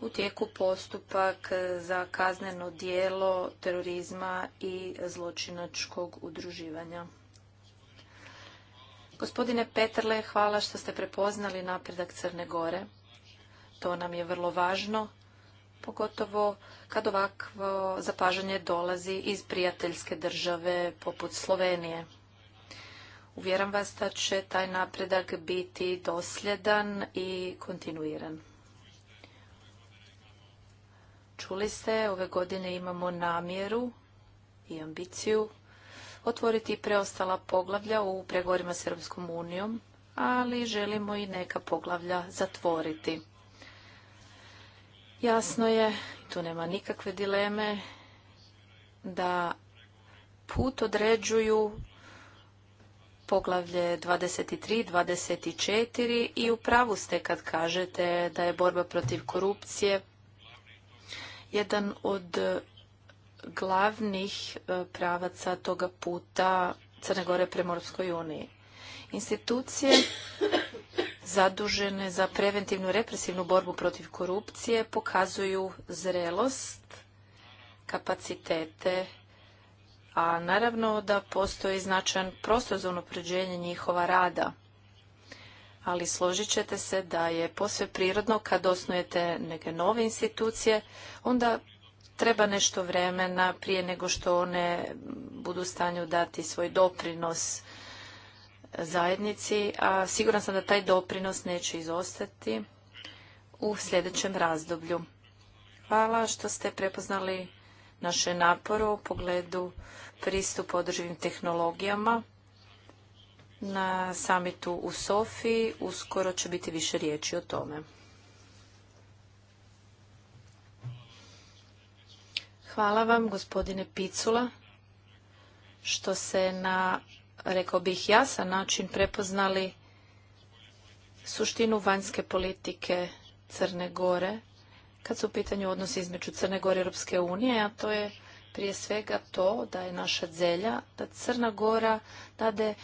u tijeku postupak za kazneno dijelo terorizma i zločinačkog udruživanja. Gospodine Petrle, hvala što ste prepoznali napredak Crne Gore. To nam je vrlo važno, pogotovo kad ovakvo zapažanje dolazi iz prijateljske države poput Slovenije. Uvjeram vas da će taj napredak biti dosljedan i kontinuiran. Čuli ste, ove godine imamo namjeru i ambiciju otvoriti preostala poglavlja u pregovorima s Europskom unijom, ali želimo i neka poglavlja zatvoriti. Jasno je, tu nema nikakve dileme, da put određuju poglavlje 23, 24 i u pravu ste kad kažete da je borba protiv korupcije jedan od eh, glavnih eh, pravaca toga puta Crne Gore prema Europskoj uniji. Institucije zadužene za preventivnu represivnu borbu protiv korupcije pokazuju zrelost, kapacitete a naravno da postoji značajan prostor za unapređenje njihova rada. Ali složit ćete se da je posve prirodno kad osnujete neke nove institucije, onda treba nešto vremena prije nego što one budu u stanju dati svoj doprinos zajednici, a siguran sam da taj doprinos neće izostati u sljedećem razdoblju. Hvala što ste prepoznali naše napore u pogledu pristupa održivim tehnologijama. Na samitu u Sofiji uskoro će biti više riječi o tome. Hvala vam, gospodine Picula, što se na, rekao bih, jasan način prepoznali suštinu vanjske politike Crne Gore kad su u pitanju odnosi između Crne Gore i Europske unije, a to je prije svega to da je naša zelja, da Crna Gora dade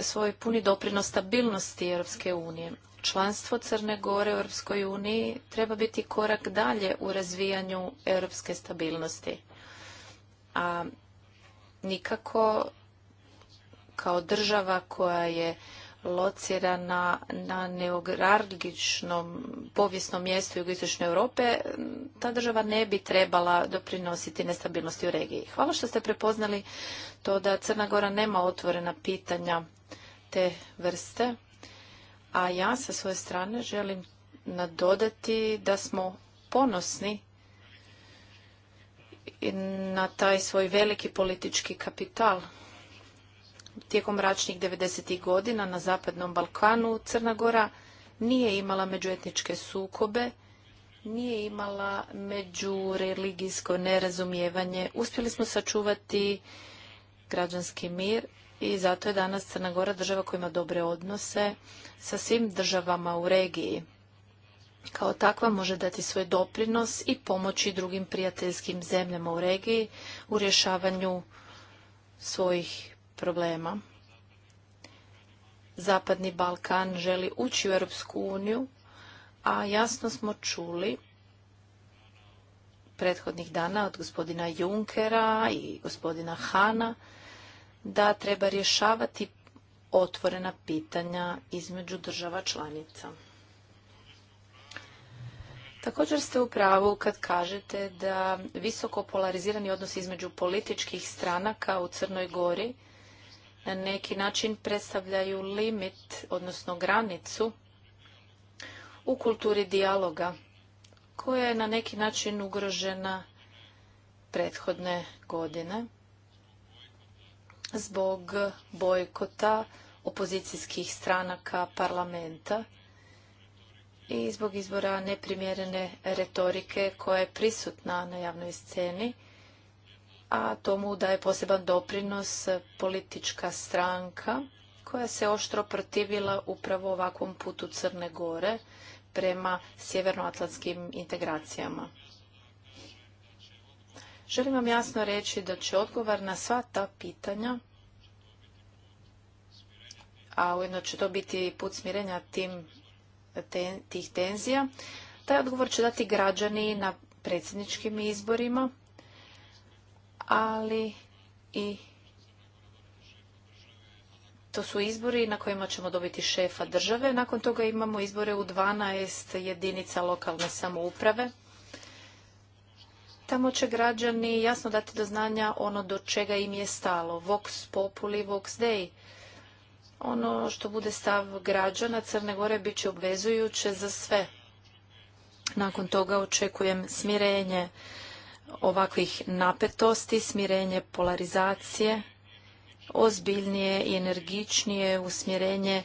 svoj puni doprinos stabilnosti Europske unije. Članstvo Crne Gore u Europskoj uniji treba biti korak dalje u razvijanju europske stabilnosti. A nikako kao država koja je locirana na neogrargičnom povijesnom mjestu jugoistočne Europe, ta država ne bi trebala doprinositi nestabilnosti u regiji. Hvala što ste prepoznali to da Crna Gora nema otvorena pitanja te vrste, a ja sa svoje strane želim nadodati da smo ponosni na taj svoj veliki politički kapital Tijekom mračnih 90. godina na Zapadnom Balkanu Crna Gora nije imala međuetničke sukobe, nije imala međureligijsko nerazumijevanje. Uspjeli smo sačuvati građanski mir i zato je danas Crna Gora država koja ima dobre odnose sa svim državama u regiji. Kao takva može dati svoj doprinos i pomoći drugim prijateljskim zemljama u regiji u rješavanju svojih problema. Zapadni Balkan želi ući u Europsku uniju, a jasno smo čuli prethodnih dana od gospodina Junkera i gospodina Hana da treba rješavati otvorena pitanja između država članica. Također ste u pravu kad kažete da visoko polarizirani odnos između političkih stranaka u Crnoj Gori na neki način predstavljaju limit, odnosno granicu u kulturi dijaloga koja je na neki način ugrožena prethodne godine zbog bojkota opozicijskih stranaka parlamenta i zbog izbora neprimjerene retorike koja je prisutna na javnoj sceni a tomu daje poseban doprinos politička stranka koja se oštro protivila upravo ovakvom putu Crne Gore prema sjevernoatlantskim integracijama. Želim vam jasno reći da će odgovor na sva ta pitanja, a ujedno će to biti put smirenja tim, tih tenzija, taj odgovor će dati građani na predsjedničkim izborima ali i to su izbori na kojima ćemo dobiti šefa države. Nakon toga imamo izbore u 12 jedinica lokalne samouprave. Tamo će građani jasno dati do znanja ono do čega im je stalo. Vox populi, vox dei. Ono što bude stav građana Crne Gore bit će obvezujuće za sve. Nakon toga očekujem smirenje ovakvih napetosti, smirenje polarizacije, ozbiljnije i energičnije usmjerenje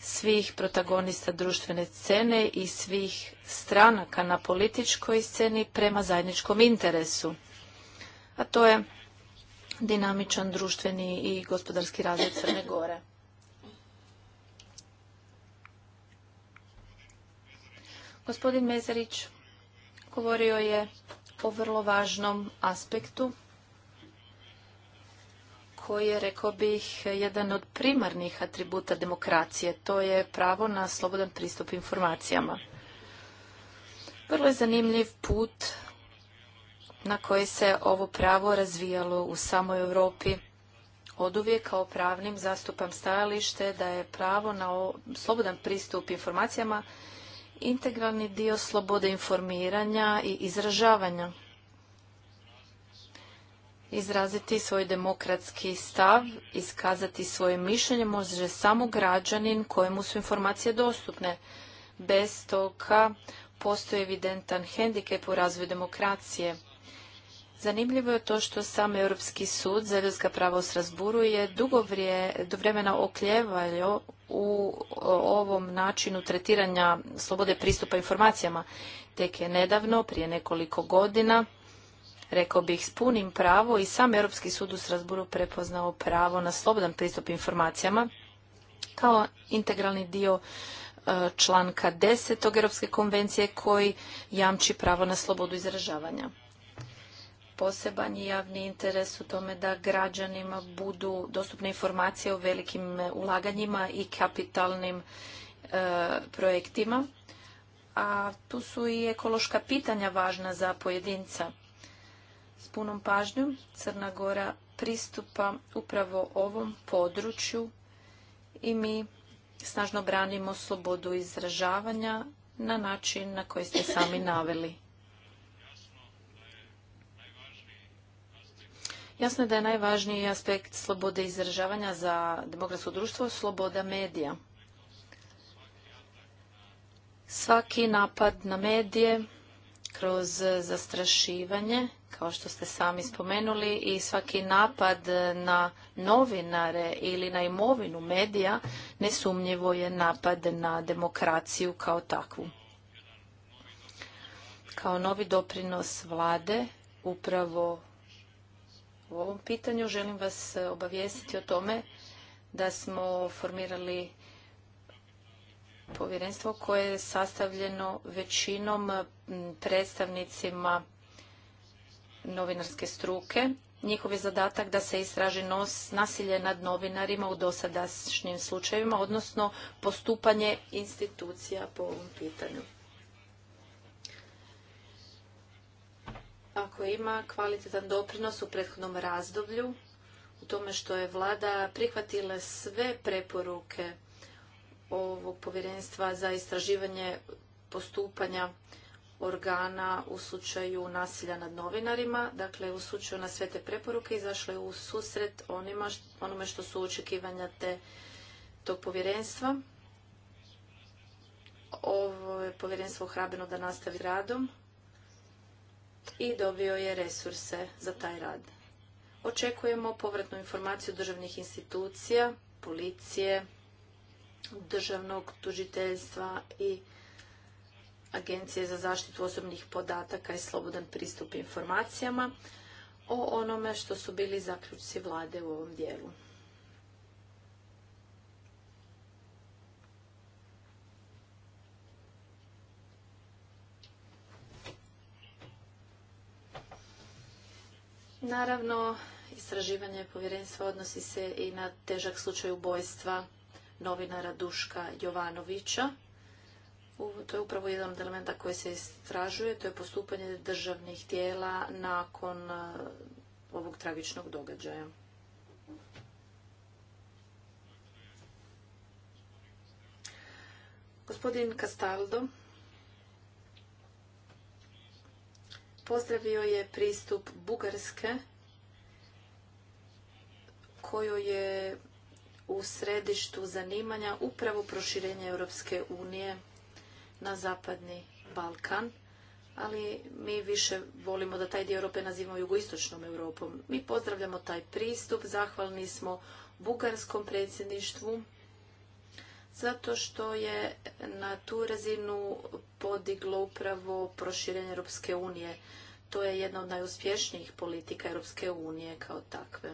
svih protagonista društvene scene i svih stranaka na političkoj sceni prema zajedničkom interesu. A to je dinamičan društveni i gospodarski razvoj Crne Gore. Gospodin Mezerić govorio je o vrlo važnom aspektu koji je, rekao bih, jedan od primarnih atributa demokracije. To je pravo na slobodan pristup informacijama. Vrlo je zanimljiv put na koji se ovo pravo razvijalo u samoj Europi. Od kao pravnim zastupam stajalište da je pravo na slobodan pristup informacijama integralni dio slobode informiranja i izražavanja. Izraziti svoj demokratski stav, iskazati svoje mišljenje može samo građanin kojemu su informacije dostupne. Bez toga postoji evidentan hendikep u razvoju demokracije. Zanimljivo je to što sam Europski sud za ljudska prava u Strasburu je dugo do vremena okljevalo u ovom načinu tretiranja slobode pristupa informacijama. Tek je nedavno, prije nekoliko godina, rekao bih s punim pravo i sam Europski sud u Strasburu prepoznao pravo na slobodan pristup informacijama kao integralni dio e, članka 10. Europske konvencije koji jamči pravo na slobodu izražavanja poseban javni interes u tome da građanima budu dostupne informacije o velikim e, ulaganjima i kapitalnim e, projektima. A tu su i ekološka pitanja važna za pojedinca. S punom pažnjom Crna Gora pristupa upravo ovom području i mi snažno branimo slobodu izražavanja na način na koji ste sami naveli. Jasno je da je najvažniji aspekt slobode izražavanja za demokratsko društvo sloboda medija. Svaki napad na medije kroz zastrašivanje, kao što ste sami spomenuli, i svaki napad na novinare ili na imovinu medija nesumnjivo je napad na demokraciju kao takvu. Kao novi doprinos vlade upravo u ovom pitanju. Želim vas eh, obavijestiti o tome da smo formirali povjerenstvo koje je sastavljeno većinom predstavnicima novinarske struke. Njihov je zadatak da se istraži nos nasilje nad novinarima u dosadašnjim slučajevima, odnosno postupanje institucija po ovom pitanju. ako ima kvalitetan doprinos u prethodnom razdoblju u tome što je vlada prihvatila sve preporuke ovog povjerenstva za istraživanje postupanja organa u slučaju nasilja nad novinarima. Dakle, u slučaju na sve te preporuke izašle je u susret onima, onome što su očekivanja te tog povjerenstva. Ovo je povjerenstvo hrabeno da nastavi radom i dobio je resurse za taj rad. Očekujemo povratnu informaciju državnih institucija, policije, državnog tužiteljstva i Agencije za zaštitu osobnih podataka i slobodan pristup informacijama o onome što su bili zaključci vlade u ovom dijelu. Naravno, istraživanje povjerenstva odnosi se i na težak slučaj ubojstva novinara Duška Jovanovića. To je upravo jedan od elementa koji se istražuje, to je postupanje državnih tijela nakon e, ovog tragičnog događaja. Gospodin Castaldo Pozdravio je pristup Bugarske koju je u središtu zanimanja upravo proširenje Europske unije na zapadni Balkan, ali mi više volimo da taj dio Europe nazivamo jugoistočnom Europom. Mi pozdravljamo taj pristup, zahvalni smo bugarskom predsjedništvu zato što je na tu razinu podiglo upravo proširenje Europske unije. To je jedna od najuspješnijih politika Europske unije kao takve.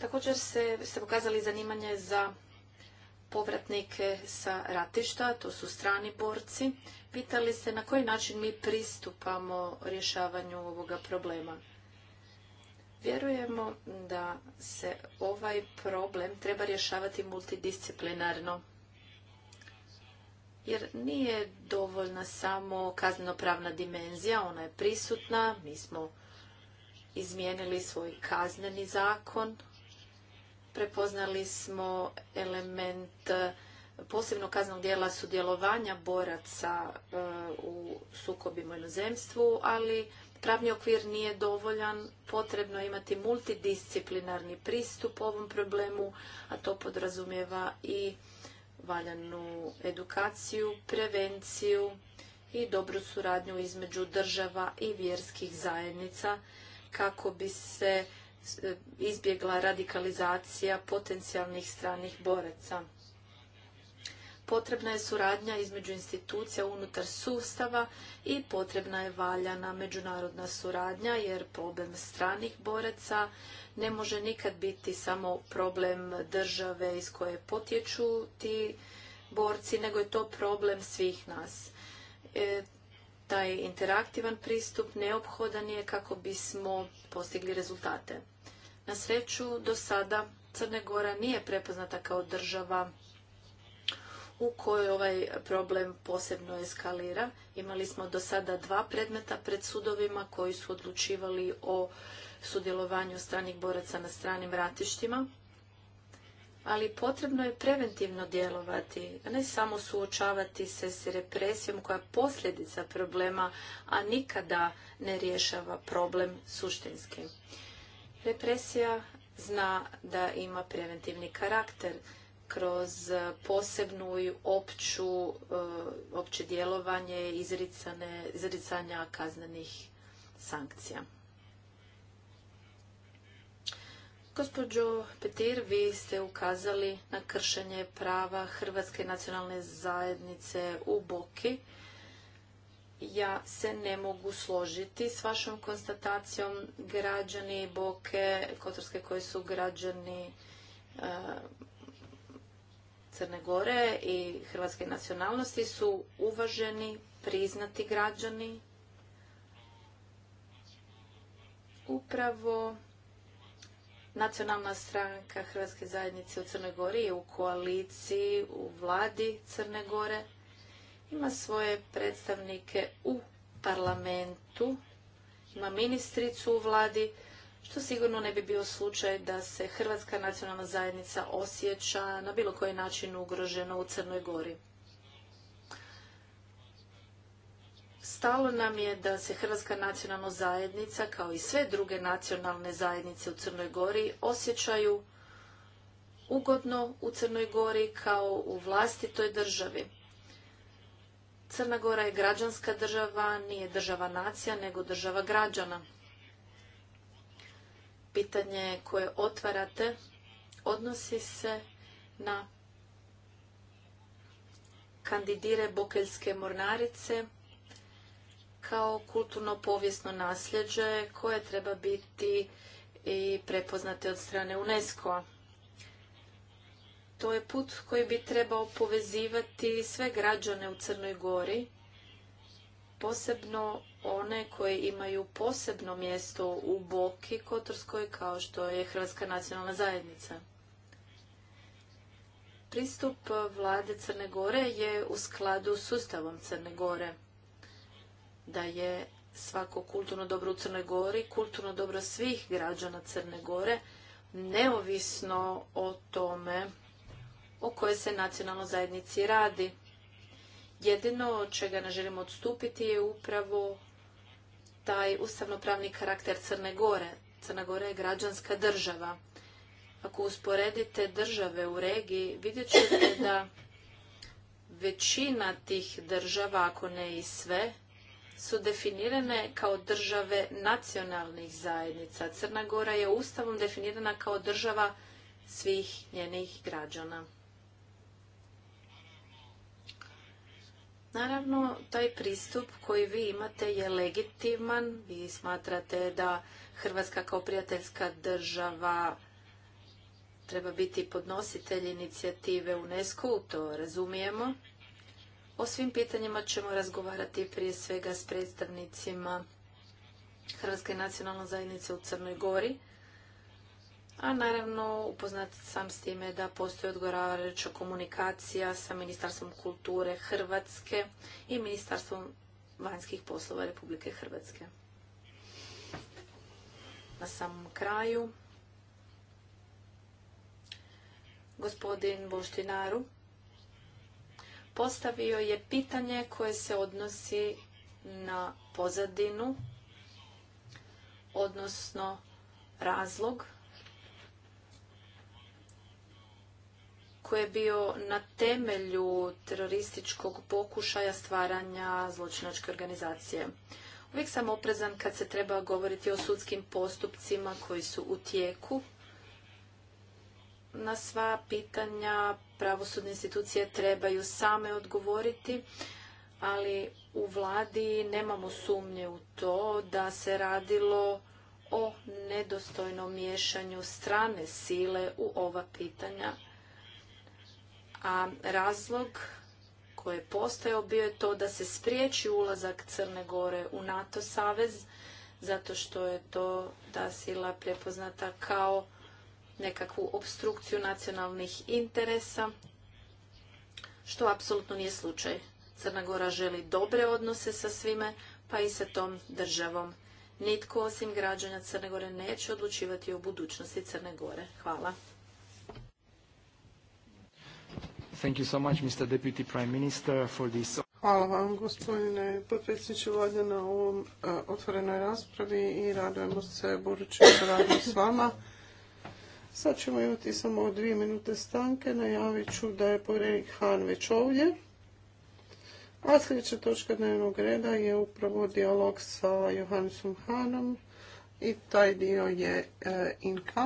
Također se, ste pokazali zanimanje za povratnike sa ratišta, to su strani borci. Pitali se na koji način mi pristupamo rješavanju ovoga problema. Vjerujemo da se ovaj problem treba rješavati multidisciplinarno. Jer nije dovoljna samo kaznenopravna dimenzija, ona je prisutna, mi smo izmijenili svoj kazneni zakon, prepoznali smo element posebno kaznog dijela sudjelovanja boraca e, u sukobima u inozemstvu, ali Pravni okvir nije dovoljan, potrebno je imati multidisciplinarni pristup ovom problemu, a to podrazumijeva i valjanu edukaciju, prevenciju i dobru suradnju između država i vjerskih zajednica kako bi se izbjegla radikalizacija potencijalnih stranih boraca potrebna je suradnja između institucija unutar sustava i potrebna je valjana međunarodna suradnja jer problem stranih boraca ne može nikad biti samo problem države iz koje potječu ti borci, nego je to problem svih nas. E, taj interaktivan pristup neophodan je kako bismo postigli rezultate. Na sreću, do sada Crne Gora nije prepoznata kao država u kojoj ovaj problem posebno eskalira. Imali smo do sada dva predmeta pred sudovima koji su odlučivali o sudjelovanju stranih boraca na stranim ratištima. Ali potrebno je preventivno djelovati, a ne samo suočavati se s represijom koja je posljedica problema, a nikada ne rješava problem suštinski. Represija zna da ima preventivni karakter kroz posebnu i opću, e, opće djelovanje izricane, izricanja kaznenih sankcija. Gospođo Petir, vi ste ukazali na kršenje prava Hrvatske nacionalne zajednice u Boki. Ja se ne mogu složiti s vašom konstatacijom. Građani Boke, Kotorske koji su građani e, Crne Gore i hrvatske nacionalnosti su uvaženi, priznati građani. Upravo Nacionalna stranka Hrvatske zajednice u Crnoj Gori je u koaliciji, u vladi Crne Gore. Ima svoje predstavnike u parlamentu, ima ministricu u vladi, što sigurno ne bi bio slučaj da se Hrvatska nacionalna zajednica osjeća na bilo koji način ugroženo u Crnoj Gori. Stalo nam je da se Hrvatska nacionalna zajednica, kao i sve druge nacionalne zajednice u Crnoj Gori, osjećaju ugodno u Crnoj Gori kao u vlastitoj državi. Crna Gora je građanska država, nije država nacija, nego država građana pitanje koje otvarate odnosi se na kandidire Bokeljske mornarice kao kulturno-povijesno nasljeđe koje treba biti i prepoznate od strane UNESCO-a. To je put koji bi trebao povezivati sve građane u Crnoj Gori, posebno one koje imaju posebno mjesto u Boki Kotorskoj kao što je Hrvatska nacionalna zajednica. Pristup vlade Crne Gore je u skladu s Ustavom Crne Gore, da je svako kulturno dobro u Crnoj Gori, kulturno dobro svih građana Crne Gore, neovisno o tome o kojoj se nacionalnoj zajednici radi. Jedino od čega ne želimo odstupiti je upravo taj ustavnopravni karakter Crne Gore. Crna Gora je građanska država. Ako usporedite države u regiji, vidjet ćete [coughs] da većina tih država, ako ne i sve, su definirane kao države nacionalnih zajednica. Crna Gora je ustavom definirana kao država svih njenih građana. Naravno, taj pristup koji vi imate je legitiman. Vi smatrate da Hrvatska kao prijateljska država treba biti podnositelj inicijative UNESCO, to razumijemo. O svim pitanjima ćemo razgovarati prije svega s predstavnicima Hrvatske nacionalne zajednice u Crnoj Gori a naravno upoznat sam s time da postoji odgovarajuća komunikacija sa Ministarstvom kulture Hrvatske i Ministarstvom vanjskih poslova Republike Hrvatske. Na samom kraju gospodin Boštinaru postavio je pitanje koje se odnosi na pozadinu, odnosno razlog koji je bio na temelju terorističkog pokušaja stvaranja zločinačke organizacije. Uvijek sam oprezan kad se treba govoriti o sudskim postupcima koji su u tijeku. Na sva pitanja pravosudne institucije trebaju same odgovoriti, ali u vladi nemamo sumnje u to da se radilo o nedostojnom miješanju strane sile u ova pitanja a razlog koji je postojao bio je to da se spriječi ulazak Crne Gore u NATO savez zato što je to ta sila prepoznata kao nekakvu obstrukciju nacionalnih interesa, što apsolutno nije slučaj. Crna Gora želi dobre odnose sa svime, pa i sa tom državom. Nitko osim građana Crne Gore neće odlučivati o budućnosti Crne Gore. Hvala. Thank you so much, Mr. Deputy Hvala vam, gospodine potpredsjedniče vlade, na ovom e, otvorenoj raspravi i radujemo se da radim s vama. Sad ćemo imati samo dvije minute stanke. Najavit ću da je povjerenik Han već ovdje. A sljedeća točka dnevnog reda je upravo dijalog sa Johansom Hanom i taj dio je e, in